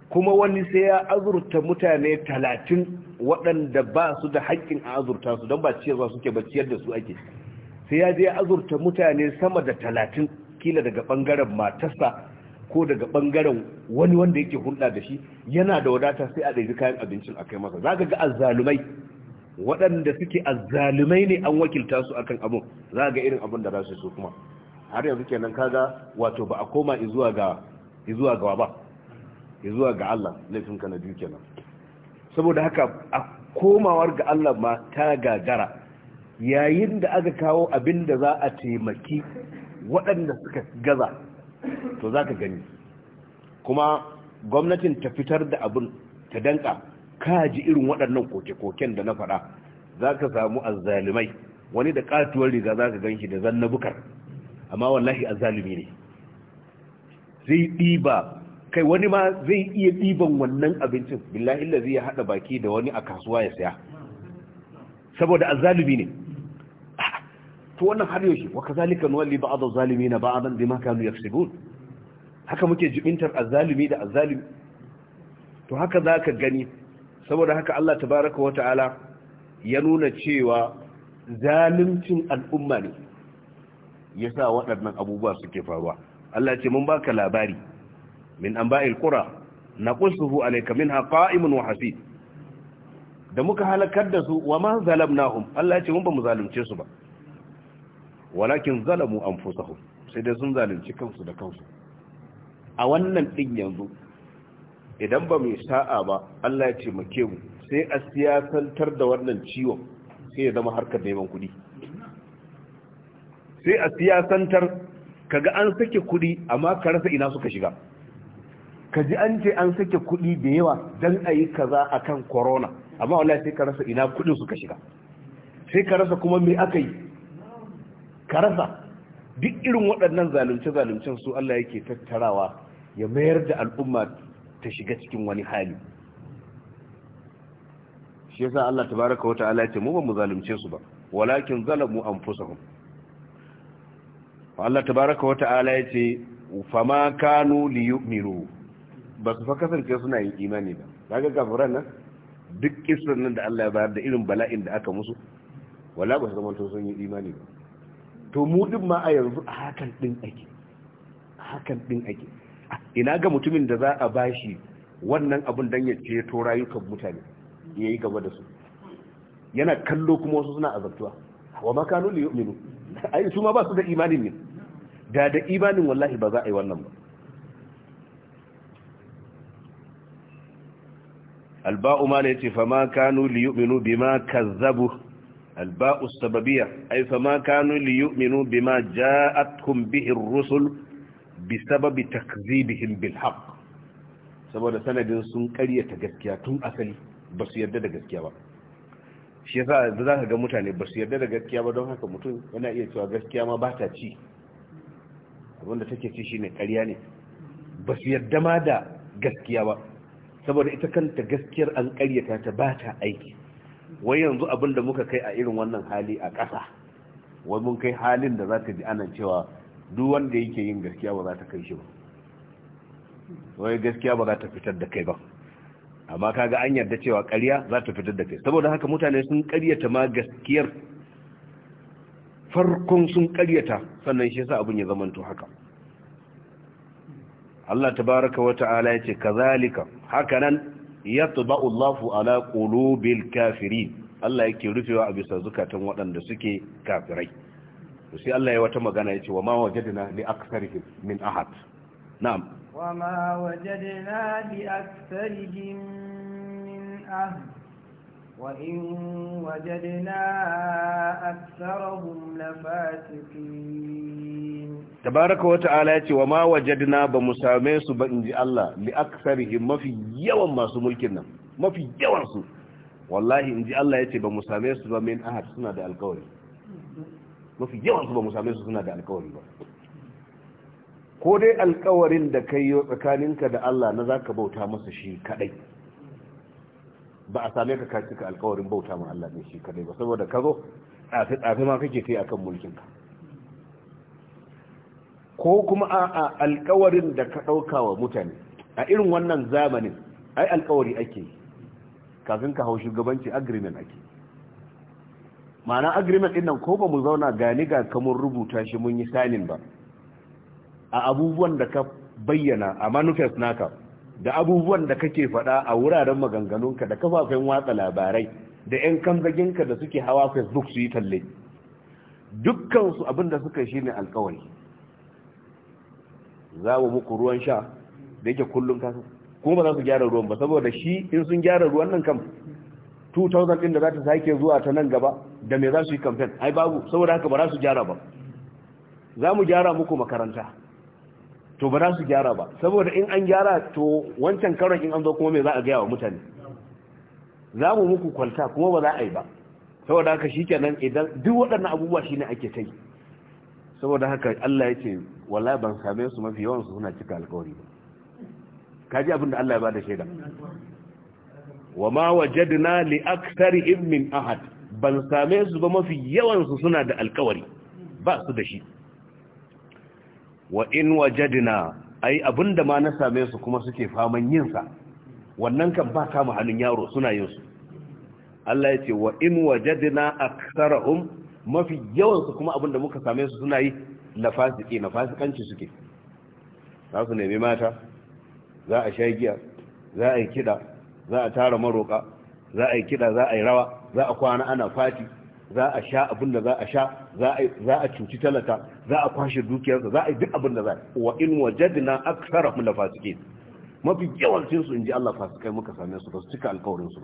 kuma wani sai ya azurta mutane talatin waɗanda ba su da haƙƙin a azurta su don ba ciyarwa suke ba ciyar da su ake sai ya je ya azurta mutane sama da talatin kila daga ɓangaren matasa ko daga ɓangaren wani wanda yake hulɗa da shi yana da wadata sai a ɗaiɗi kayan abincin a kai masa za ka ga azzalumai waɗanda suke azzalumai ne an wakilta su akan abu za ga irin abin da za su kuma har yanzu kenan kaga wato ba a koma izuwa ga izuwa gawa ba ya zuwa ga Allah laifinka na biyu kenan saboda haka a komawar ga Allah ma ta gagara yayin da aka kawo abin da za a taimaki waɗanda suka gaza to za ka gani kuma gwamnatin ta fitar da abin ta danka kaji irin waɗannan koke-koken da na faɗa za ka samu azzalimai wani da ƙatuwar riga za ka ganshi da zannabukar amma wallahi azzalimi ne zai ɗiba kai wani ma zai iya ɗiban wannan abincin billahi lazi ya haɗa baki da wani a kasuwa ya saya saboda azzalumi ne to wannan har yaushe wa kazalika nuwalli ba'd az-zalimina ba'dan bima kanu yaksubun haka muke jibintar azalimi da azalimi to haka zaka gani saboda haka Allah tabaaraka wa ta'ala ya nuna cewa zaluncin al'umma ne yasa waɗannan abubuwa suke faruwa Allah ce mun baka labari min anba'il qura naqussuhu a laikamin haƙa, wa hasi. da muka halakar da su wa ma zalamnahum Allah ya ce mun ba mu zalunce su ba walakin zalamu anfusahum sai dai sun zalimci kansu da kansu a wannan din yanzu idan ba mu sa'a ba Allah ya ce make mu sai a siyasantar da wannan ciwon sai ya zama harkar neman kuɗi sai a siyasantar kaga an sake kuɗi amma ka rasa ina suka shiga ka ji an ce an sake kuɗi da yawa don a yi kaza a kan corona amma wala sai ka rasa ina kuɗin suka shiga sai ka rasa kuma me aka yi ka rasa duk irin waɗannan zalunce-zaluncen su Allah yake tattarawa ya mayar da al'umma ta shiga cikin wani hali shi yasa Allah tabaraka wa ta'ala ya ce mu ba mu zalunce su ba walakin zalamu anfusahum Allah tabaraka wa ta'ala ya ce fama kanu liyu'minu ba su fa kasance suna yin imani ba kaga kafiran nan duk kisran nan da Allah ya bayar da irin bala'in da aka musu wala ba su zama to sun yi imani ba to mu din ma a yanzu a hakan din ake a hakan din ake ina ga mutumin da za a bashi wannan abun dan ya to rayukan mutane yayi gaba da su yana kallo kuma wasu suna azabtuwa wa makanu li yu'minu ai su ma ba su da imanin ne da da imanin wallahi ba za a yi wannan ba alba'u ma ne ce fama kanu liyu'minu ma kazzabu alba'u sababiyya ay fama kanu liyu'minu ma ja'atkum bihi ar-rusul bisababi takzibihim bil haqq saboda sanadin sun ƙaryata gaskiya tun asali ba su yarda da gaskiya ba shi yasa da za ka ga mutane ba su yarda da gaskiya ba don haka mutum yana iya cewa gaskiya ma ba ta ci abinda take ci shine ƙarya ne ba su yarda ma da gaskiya ba saboda ita kanta gaskiyar an karyata ta ba ta aiki wai yanzu abin da muka kai a irin wannan hali a ƙasa wai mun kai halin da za ka ji ana cewa duk wanda yake yin gaskiya ba za ta kai shi ba wai gaskiya ba za ta fitar da kai ba amma kaga an yarda cewa ƙarya za ta fitar da kai saboda haka mutane sun ƙaryata ma gaskiyar farkon sun ƙaryata sannan shi yasa abin ya zamanto haka Allah tabaraka wa ta'ala ya ce kazalika hakanan ya tuba Allahu ala qulubil kafirin Allah yake rufewa a bisa zukatan waɗanda suke kafirai to sai Allah ya wata magana ya ce wa ma na li aktharihim min ahad na'am wa ma na li aktharihim min ahad وإن وجدنا أكثرهم لفاسقين تبارك وتعالى وما وجدنا بمسامين سبإن الله لأكثرهم ما في يوم ما سملكنا ما في يوم سو والله إن جي الله يتي بمسامين سبمين أحد سنة دا القول ما في يوم سو بمسامين سنة دا القول ko dai alkawarin da kai yau tsakaninka da Allah na zaka bauta masa shi kadai ba a same ka ka cika alkawarin bauta ma Allah ne shi kadai ba saboda ka zo tsafi tsafi ma kake ta akan mulkin ka ko kuma a alkawarin da ka ɗauka wa mutane a irin wannan zamanin ai alkawari ake kafin ka hau shugabanci agreement ake ma'ana agreement din nan ko ba mu zauna gani ga kamar rubuta shi mun yi sanin ba a abubuwan da ka bayyana a manifest naka da abubuwan da kake faɗa a wuraren maganganunka da kafafen watsa labarai da 'yan kamzaginka da suke hawa facebook su yi talle dukkansu abin da suka shi ne alkawari za mu muku ruwan sha da yake kullum kasu? kuma ba za su gyara ruwan ba saboda shi in sun gyara ruwan nan kam 2000 din da za ta sake zuwa ta nan gaba da me za su yi kamfen ai babu saboda haka ba za su gyara ba za mu gyara muku makaranta to ba za su gyara ba saboda in an gyara to wancan karon in an zo kuma me za a gaya wa mutane za mu muku kwalta kuma ba za a yi ba saboda haka shi kenan idan duk waɗannan abubuwa shine ake ta yi saboda haka Allah ya ce wallahi ban same su mafi yawan su suna cika alƙawari ba ka ji abin da Allah ya bada shaida wa ma wajadna li aktsari min ahad ban same su ba mafi yawan su suna da alƙawari ba su da shi wa in wajadna ai abinda ma na same su kuma suke faman yin sa wannan kan ba kama hannun yaro suna yin su Allah ya ce wa in wajadna aktsarahum mafi yawan su kuma abinda muka same su suna yi na fasiki suke za su nemi mata za a sha giya za a yi kida za a tara maroka za a yi kida za a yi rawa za a kwana ana fati za a sha abin da za a sha za a cuci talata, za a kwashe dukiyarsa za a yi duk abin da za a wa in wajadna aktharahum da fasike mafi yawancin su ji Allah fasikai muka same su ba su cika alkawarin su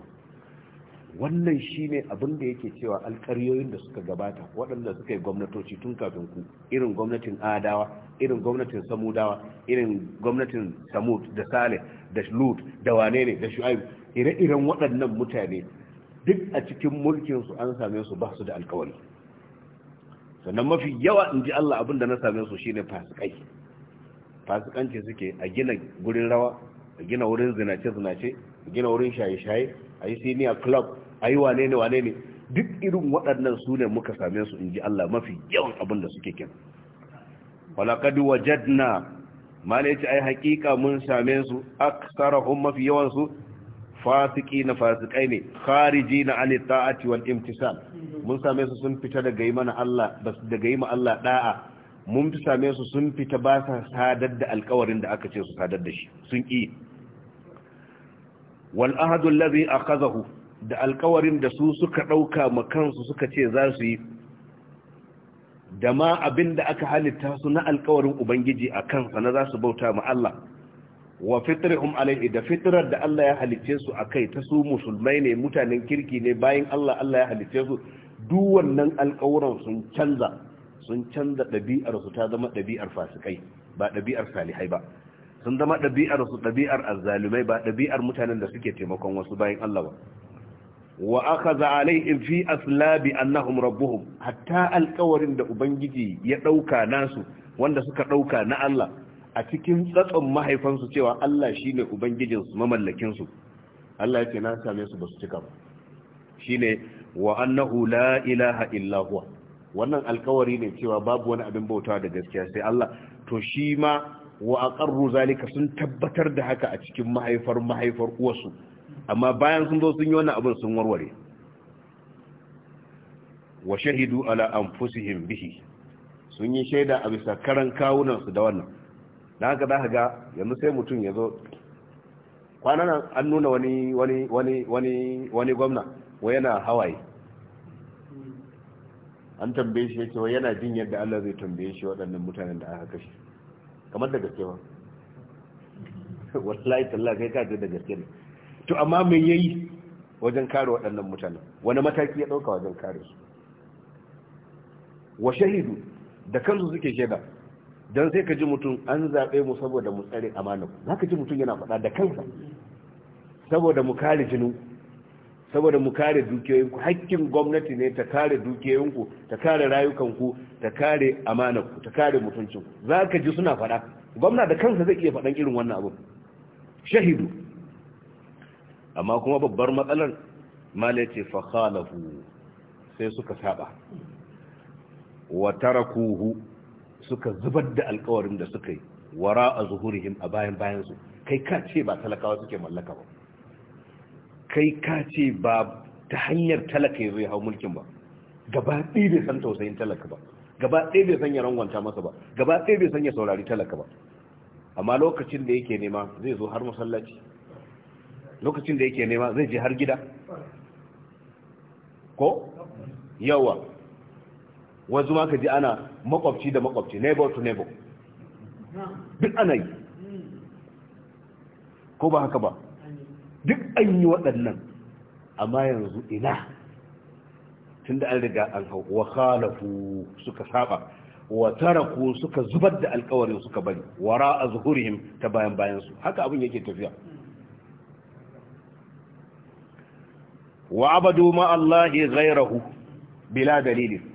wannan shine abin da yake cewa alƙaryoyin da suka gabata waɗanda suka yi gwamnatoci tun kafin ku irin gwamnatin adawa irin gwamnatin samudawa irin gwamnatin samud da saleh da lut da wane ne da shu'aib ire-iren waɗannan mutane duk a cikin mulkin su an same su ba su da alkawari sannan mafi yawa in ji Allah abin da na same su shine fasikai fasikanci suke a gina gurin rawa a gina wurin zinace-zinace a gina wurin shaye-shaye a yi a club a yi wane ne wane ne duk irin waɗannan su ne muka same su in ji Allah mafi yawan abin da suke kin walakadu wajadna ma ne ce ai hakika mun same su aksarahum mafi yawan su fasiki na fasikai ne khariji na ali ta'ati wal imtisal mun same su sun fita daga yi mana Allah daga yi ma Allah da'a mun fi same su sun fita ba sa sadar da alkawarin da aka ce su sadar da shi sun ki wal ahadu allazi akhadahu da alkawarin da su suka dauka ma kansu suka ce za su yi da ma abin da aka halitta su na alkawarin ubangiji a kansa na za su bauta ma Allah wa fitrihum alaihi da fitrar da Allah ya halicce su akai ta su musulmai ne mutanen kirki ne bayan Allah Allah ya halicce su duk wannan alƙawuran sun canza sun canza ɗabi'ar su ta zama ɗabi'ar fasikai ba ɗabi'ar salihai ba sun zama ɗabi'ar su ɗabi'ar azzalumai ba ɗabi'ar mutanen da suke taimakon wasu bayan Allah ba wa akhadha alaihim fi aslabi annahum rabbuhum hatta alƙawarin da ubangiji ya ɗauka nasu wanda suka ɗauka na Allah a cikin tsatson mahaifansu cewa Allah shi ne Ubangijinsu mamallakinsu Allah ya ce na same su ba su cika ba shi ne wa annahu la ilaha illahuwa. wannan alkawari ne cewa babu wani abin bauta da gaskiya sai Allah to shi ma wa ƙarru zalika sun tabbatar da haka a cikin mahaifar mahaifar uwarsu amma bayan sun zo sun yi wani abin sun warware wa shahidu ala anfusihim bihi sun yi shaida a bisa karan kawunansu da wannan da haka za ka ga yanzu sai mutum ya zo kwanan an nuna wani wani wani wani wani gwamna wa yana hawaye an tambaye shi yake wa yana jin yadda Allah zai tambaye shi waɗannan mutanen da aka kashe kamar da gaske ba layi tallahi kai ka da gaske ne to amma me yayi wajen kare waɗannan mutanen wani mataki ya ɗauka wajen kare su wa shahidu da kansu suke shaida don sai ka ji mutum an zaɓe mu saboda mu tsare amana za ka ji mutum yana faɗa da kansa saboda mu kare jinin saboda mu kare dukiyoyinku hakkin gwamnati ne ta kare dukiyoyinku ta kare rayukanku ta kare ku ta kare mutuncin za ka ji suna faɗa gwamna da kansa zai iya faɗan irin wannan abu shahidu amma kuma babbar matsalar malace fakhalahu sai suka saba wa tarakuhu suka zubar da alkawarin da suka yi wara a zuhurihim a bayan bayansu kai ka ce ba talakawa suke mallaka ba kai ka ce ba ta hanyar talaka ya zai hau mulkin ba gaba ɗaya bai san tausayin talaka ba gaba ɗaya bai san ya rangwanta masa ba gaba ɗaya bai san ya saurari talaka ba amma lokacin da yake nema zai zo har masallaci lokacin da yake nema zai je har gida ko yawa Wanzu ma ka ji ana makwabci da makwabci neighbor to neighbor duk ana yi ko ba haka ba duk an yi waɗannan amma yanzu ina tun da an riga an hau wa khalafu suka saba wa taraku suka zubar da alkawarin suka bari wara a zuhurihim ta bayan bayansu haka abin yake tafiya wa abadu ma Allah ghairahu bila dalilin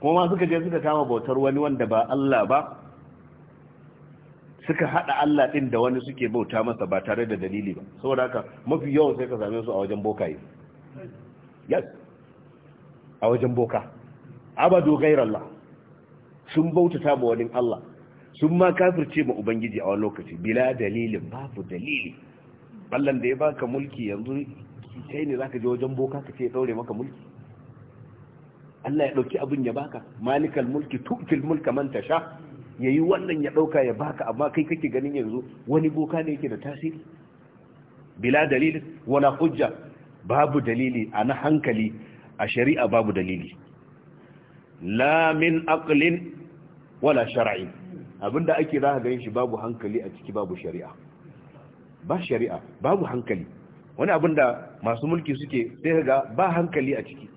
kuma ma suka je suka kama bautar wani wanda ba Allah ba suka hada Allah din da wani suke bauta masa ba tare da dalili ba saboda haka mafi yawan sai ka same su a wajen bokaye yes a wajen boka abadu Allah sun bautata ma wani Allah sun ma kafirce ma ubangiji a wani lokaci bila dalilin babu dalili ballan da ya baka mulki yanzu sai ne zaka je wajen boka ka ce ya daure maka mulki Allah ya ɗauki abin ya baka malikal mulki tu'til mulka man tasha yayi wannan ya ɗauka ya baka amma kai kake ganin yanzu wani boka ne yake da tasiri bila dalil wala hujja babu dalili a na hankali a shari'a babu dalili la min aqlin wala shar'i abinda ake za ka shi babu hankali a ciki babu shari'a ba shari'a babu hankali wani abinda masu mulki suke sai ga ba hankali a ciki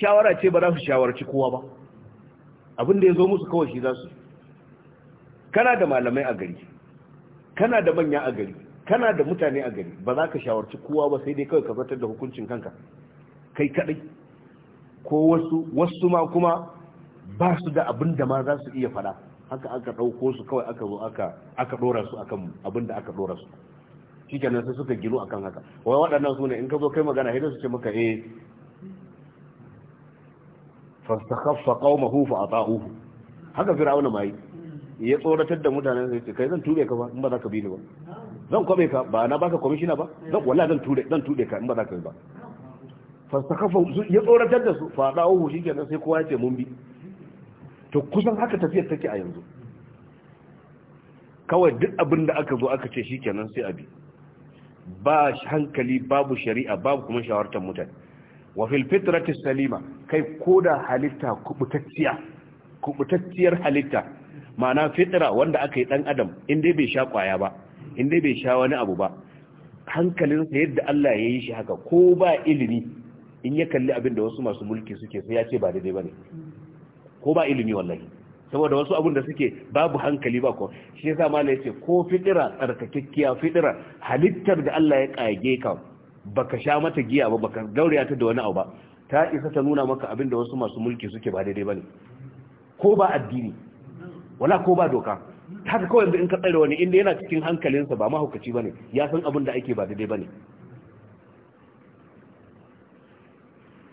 shawara ce ba za su shawarci kowa ba abin da ya zo musu kawai shi za su kana da malamai a gari kana da manya a gari kana da mutane a gari ba za ka shawarci kowa ba sai dai kawai ka zartar da hukuncin kanka kai kadai ko wasu wasu ma kuma ba su da abin da ma za su iya fada haka aka ɗauko su kawai aka zo aka aka dora su akan abin da aka dora su shikenan sai suka gino akan haka wai waɗannan su ne in ka zo kai magana sai su ce maka eh fastakhaffa qaumahu fa ata'uhu haka fir'auna mai ya tsoratar da mutanen sai ce kai zan ture ka ba in ba za ka bi ni ba zan kwabe ka ba na baka commissioner ba zan wallahi zan ture zan ture ka in ba za ka bi ba fastakhaffa ya tsoratar da su fa ata'uhu shikenan sai kowa ya ce mun bi to kusan haka tafiyar take a yanzu kawai duk abin da aka zo aka ce shikenan sai a bi ba hankali babu shari'a babu kuma shawartar mutane wa fil fitrati salima kai koda halitta kubutacciya kubutacciyar halitta ma'ana fitra wanda aka yi dan adam inda bai sha kwaya ba inda bai sha wani abu ba hankalinsa yadda Allah ya yi shi haka ko ba ilimi in ya kalli abin da wasu masu mulki suke sai ya ce ba daidai bane ko ba ilimi wallahi saboda wasu abin da suke babu hankali ba ko shi yasa malai ce ko fitira tsarkakekkiya fitira halittar da Allah ya kage ka baka sha mata giya ba baka daure ta da wani abu ba ta isa ta nuna maka abin da wasu masu mulki suke ba daidai bane ko ba addini wala ko ba doka ta haka kawai in ka tsare wani inda yana cikin hankalinsa ba mahaukaci bane ya san abin da ake ba daidai bane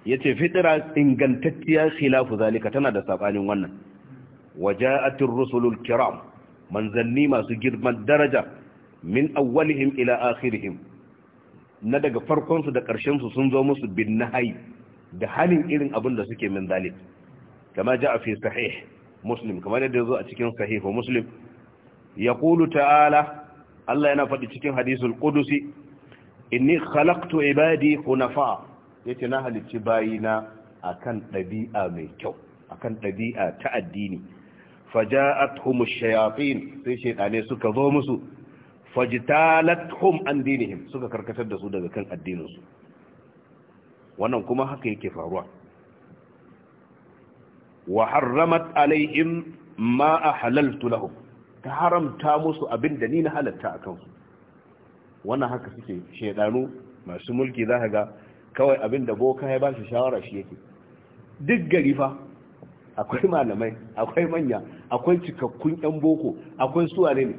yace fitira ingantacciya khilafu zalika tana da sabanin wannan waja'atir rusulul kiram manzanni masu girman daraja min awwalihim ila akhirihim na daga farkonsu da ƙarshensu sun zo musu bin nahayi da halin irin abin da suke min zalik kama ja a fi sahih muslim kamar yadda zo a cikin sahih wa muslim ya kulu ta'ala Allah yana faɗi cikin hadisul qudusi inni khalaqtu ibadi hunafa yace na halicci bayina akan ɗabi'a mai kyau akan ɗabi'a ta addini faja'atuhum ash-shayatin sai shaytane suka zo musu fajtalathum an dinihim suka karkatar da su daga kan addinin su wannan kuma haka yake faruwa wa harramat alaihim ma ahlaltu lahum ta haramta musu abin da ni na halatta a kansu wannan haka suke shedanu masu mulki za ka ga kawai abin da boka ya ba shi shawara shi yake duk gari fa akwai malamai akwai manya akwai cikakkun yan boko akwai suwane ne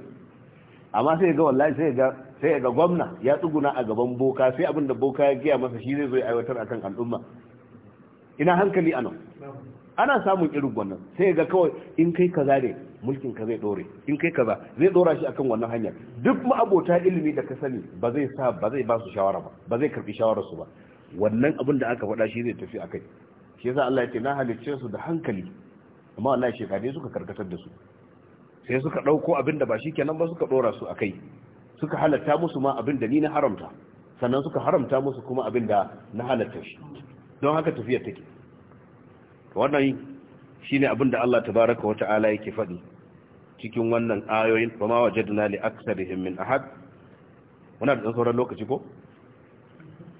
amma sai ga wallahi sai ga ga gwamna ya tsuguna a gaban boka sai abin da boka ya gaya masa shi zai zo ya aiwatar akan al'umma ina hankali anan ana samun irin wannan sai ga kawai in kai kaza ne mulkin ka zai dore in kai kaza zai dora shi akan wannan hanyar duk abota ilimi da ka sani ba zai sa ba zai ba su shawara ba ba zai karbi shawarar su ba wannan abin da aka faɗa shi zai tafi akai shi yasa Allah ya ce na halicce su da hankali amma wallahi shekare suka karkatar da su sai suka ɗauko abin da ba shi kenan ba suka ɗora su a kai suka halatta musu ma abin da ni na haramta sannan suka haramta musu kuma abin da na halatta shi don haka tafiyar take wannan ne abin da Allah tabaraka wa ta'ala yake faɗi cikin wannan ayoyin wajadu na li aksarihim min ahad wana da sauran lokaci ko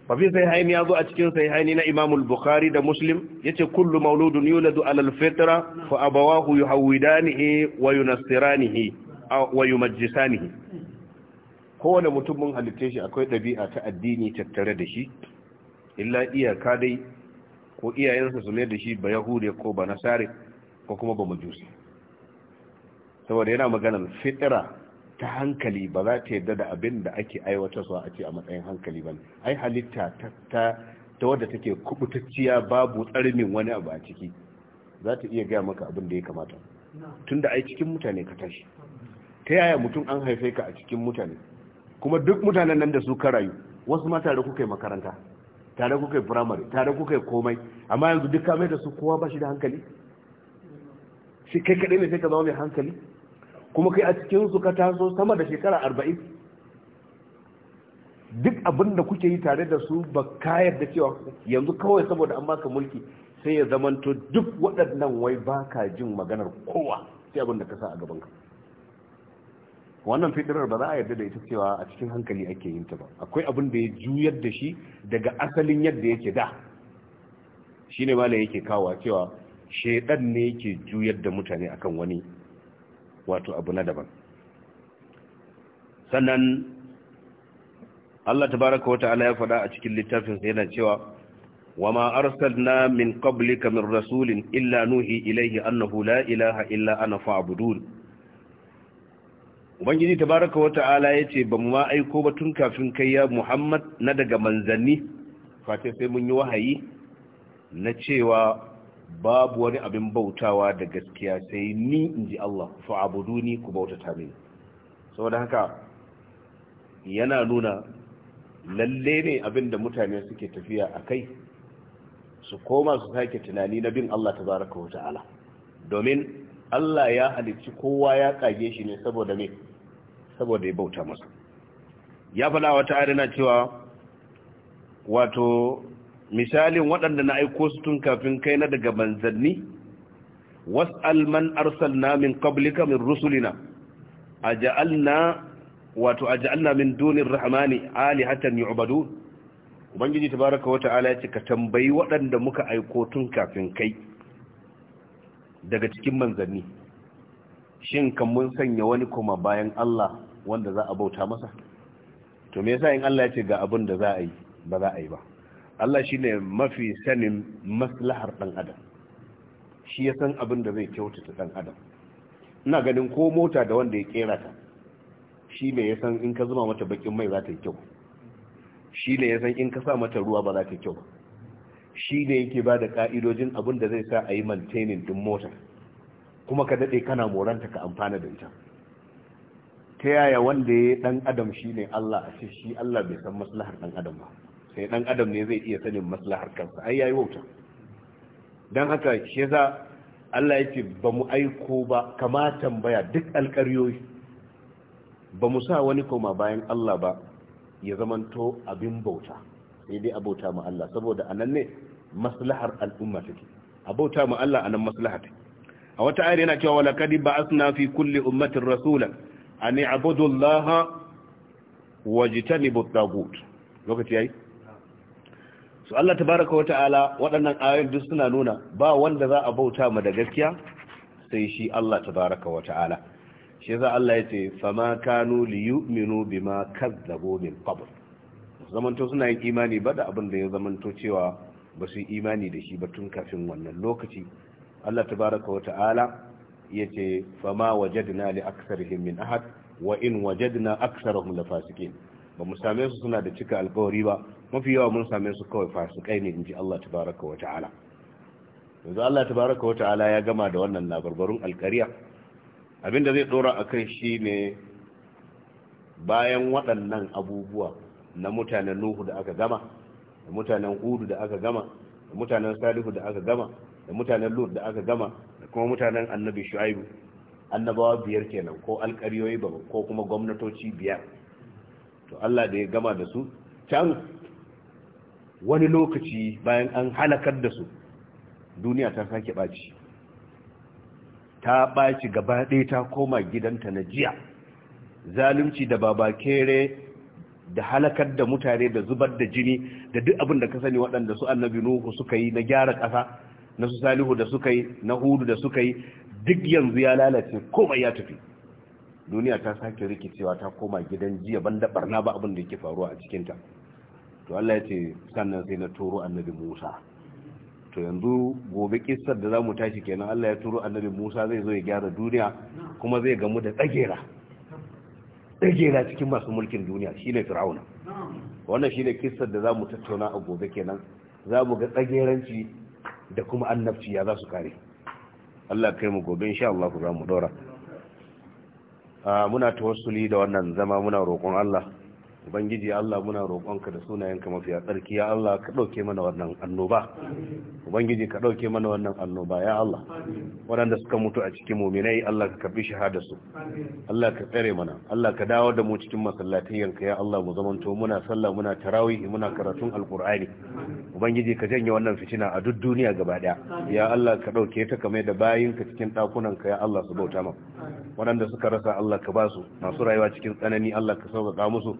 fafi sahihaini ya zo a cikin sahihaini na imam bukhari da muslim ya ce kullu mauludun yuladu alal fitra fa abawahu yuhawidanihi wa yunassiranihi wa yumajjisanihi kowane mutum mun halitta shi akwai ɗabi'a ta addini tattare da shi illa iyaka dai ko iyayensa su da shi ba yahude ko ba nasare ko kuma ba majusi saboda yana maganar fitra ta hankali ba za ta yadda da abin da ake aiwatarwa a ce a matsayin hankali ba ai halitta ta ta wadda take kubutacciya babu tsarmin wani abu a ciki za ta iya gaya maka abin da ya kamata tunda ai cikin mutane ka tashi ta yaya mutum an haife ka a cikin mutane kuma duk mutanen nan da su ka rayu wasu ma tare kuka yi makaranta tare kuka yi firamare tare kuka yi komai amma yanzu duk ka mai da su kowa ba shi da hankali shi kai kaɗai ne sai ka zama mai hankali kuma kai a cikin su ka taso sama da shekara arba'in duk abin da kuke yi tare da su ba kayar da cewa yanzu kawai saboda an baka mulki sai ya zamanto duk waɗannan wai baka jin maganar kowa sai abin da ka sa a gaban ka wannan fitirar ba za a yarda da ita cewa a cikin hankali ake yin ta ba akwai abin da ya juyar da shi daga asalin yadda yake da shine da yake kawo cewa shedan ne yake juyar da mutane akan wani wato abu na daban sannan Allah tabaraka ya faɗa a cikin littafinsa yana cewa wa ma arsalna min qablika min rasulin illa nuhi ilaihi annahu la ilaha illa ana fa'budun ubangiji tabaraka wata'ala yace ba mu ma aiko ba tun kafin kai ya Muhammad na daga manzanni face sai mun yi wahayi na cewa babu wani abin bautawa da gaskiya sai ni in ji Allah fa'abuduni ku bautata mini saboda haka yana nuna lalle ne abin da mutane suke tafiya a kai su koma su sake tunani na bin Allah tabaraka wa ta'ala domin Allah ya halicci kowa ya kage shi ne saboda me saboda ya bauta masa ya fada wata arina cewa wato misalin waɗanda na aiko su tun kafin kai na daga manzanni was'al man arsalna min qablika min rusulina aj'alna wato aj'alna min dunir rahmani alihatan yu'badu ubangiji tabaaraka wata'ala yace ka tambayi waɗanda muka aiko tun kafin kai daga cikin manzanni shin kan mun sanya wani kuma bayan Allah wanda za a bauta masa to me yasa in Allah ya ce ga abin da za a yi ba za a yi ba Allah shi ne mafi sanin maslahar ɗan adam shi ya san abin da zai kyautata ɗan adam ina ganin ko mota da wanda ya kera ta shi ne ya san in ka zuma mata bakin mai za ta yi kyau shi ne ya san in ka sa mata ruwa ba za ta yi kyau shi ne yake ba da ka'idojin abin da zai sa a yi mantainin din mota kuma ka daɗe kana moranta ka amfana da ita ta yaya wanda ya yi ɗan adam shi ne Allah a Allah bai san maslahar ɗan adam ba sai eh, dan adam ne zai iya sanin maslahar kansa ai yayi wauta dan haka shi yasa Allah yake ba mu aiko ba kama tambaya duk alƙaryoyi ba mu sa wani koma bayan Allah ba ya zamanto abin bauta sai dai abauta ma Allah saboda anan ne maslahar al'umma take abauta ma Allah anan maslaha take a wata ayar yana cewa walaqad ba'athna fi kulli ummatin rasula an ya'budu Allah wajtanibu at-taghut lokaci yayi su Allah baraka wa ta'ala waɗannan ayoyin duk suna nuna ba wanda za a bauta ma da gaskiya sai shi Allah baraka wa ta'ala shi yasa Allah ya ce fama kanu li yu'minu bima kazzabu min qabl zamanto suna yin imani ba da abin da ya zamanto cewa ba su yi imani da shi ba tun kafin wannan lokaci Allah tabaraka wa ta'ala ya ce fama wajadna li aksarihim min ahad wa in wajadna aksarahum fasikin. ba mu same su suna da cika alkawari ba mafi yawa mun same su kawai fasikai ne inji Allah tabaraka wa ta'ala yanzu Allah tabaraka wa ta'ala ya gama da wannan labarbarun alkariya abinda zai dora akan shi ne bayan waɗannan abubuwa na mutanen Nuhu da aka gama da mutanen Hudu da aka gama da mutanen Salihu da aka gama da mutanen Lut da aka gama da kuma mutanen Annabi Shu'aibu annabawa biyar kenan ko alƙaryoyi ba ko kuma gwamnatoci biyar to Allah da ya gama da su can wani lokaci bayan an halakar da su duniya ta sake ɓaci ta ɓaci gaba ɗaya ta koma gidanta na jiya zalunci da babakere da halakar da mutane da zubar da jini da duk abin da ka sani waɗanda su annabi nuhu suka yi na gyara ƙasa na su salihu da suka yi na hudu da suka yi duk yanzu ya lalace komai ya tafi duniya ta sake rikicewa ta koma gidan jiya ban da barna ba abin da yake faruwa a cikinta to Allah ya ce sannan sai na turo annabi Musa to yanzu gobe kissar da zamu tashi kenan Allah ya turo annabi Musa zai zo ya gyara duniya kuma zai gamu da tsagera tsagera cikin masu mulkin duniya shine Fir'auna wannan shine kissar da zamu tattauna a gobe kenan zamu ga tsageranci da kuma annabci ya za su kare Allah kai mu gobe insha Allah ku zamu daura Ah, muna tawassuli da wannan zama muna roƙon Allah ubangiji Allah muna roƙonka da sunayenka mafiya tsarki ya Allah ka ɗauke mana wannan annoba ubangiji ka ɗauke mana wannan annoba ya Allah waɗanda suka mutu a cikin muminai Allah ka karbi shahada su Allah ka tsare mana Allah ka dawo da mu cikin masallatin yanka ya Allah mu to muna sallah muna tarawih muna karatun alqur'ani ubangiji ka janye wannan fitina a duk duniya gaba daya ya Allah ka ɗauke ta kamar da bayinka cikin ɗakunanka ya Allah su bauta ma. waɗanda suka rasa Allah ka ba su masu rayuwa cikin tsanani Allah ka sauƙaƙa musu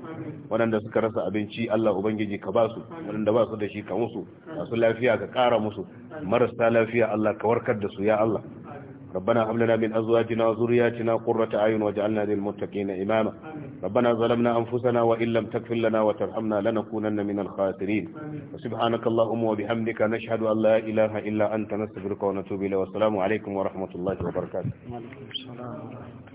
waɗanda suka rasa abinci Allah ubangiji ka ba su waɗanda ba su da shi ka musu masu lafiya ka ƙara musu marasa lafiya Allah ka warkar da su ya Allah ربنا هب لنا من ازواجنا وذرياتنا قرة اعين واجعلنا للمتقين اماما ربنا ظلمنا انفسنا وان لم تغفر لنا وترحمنا لنكونن من الخاسرين وسبحانك اللهم وبحمدك نشهد ان لا اله الا انت نستغفرك ونتوب اليك والسلام عليكم ورحمة الله وبركاته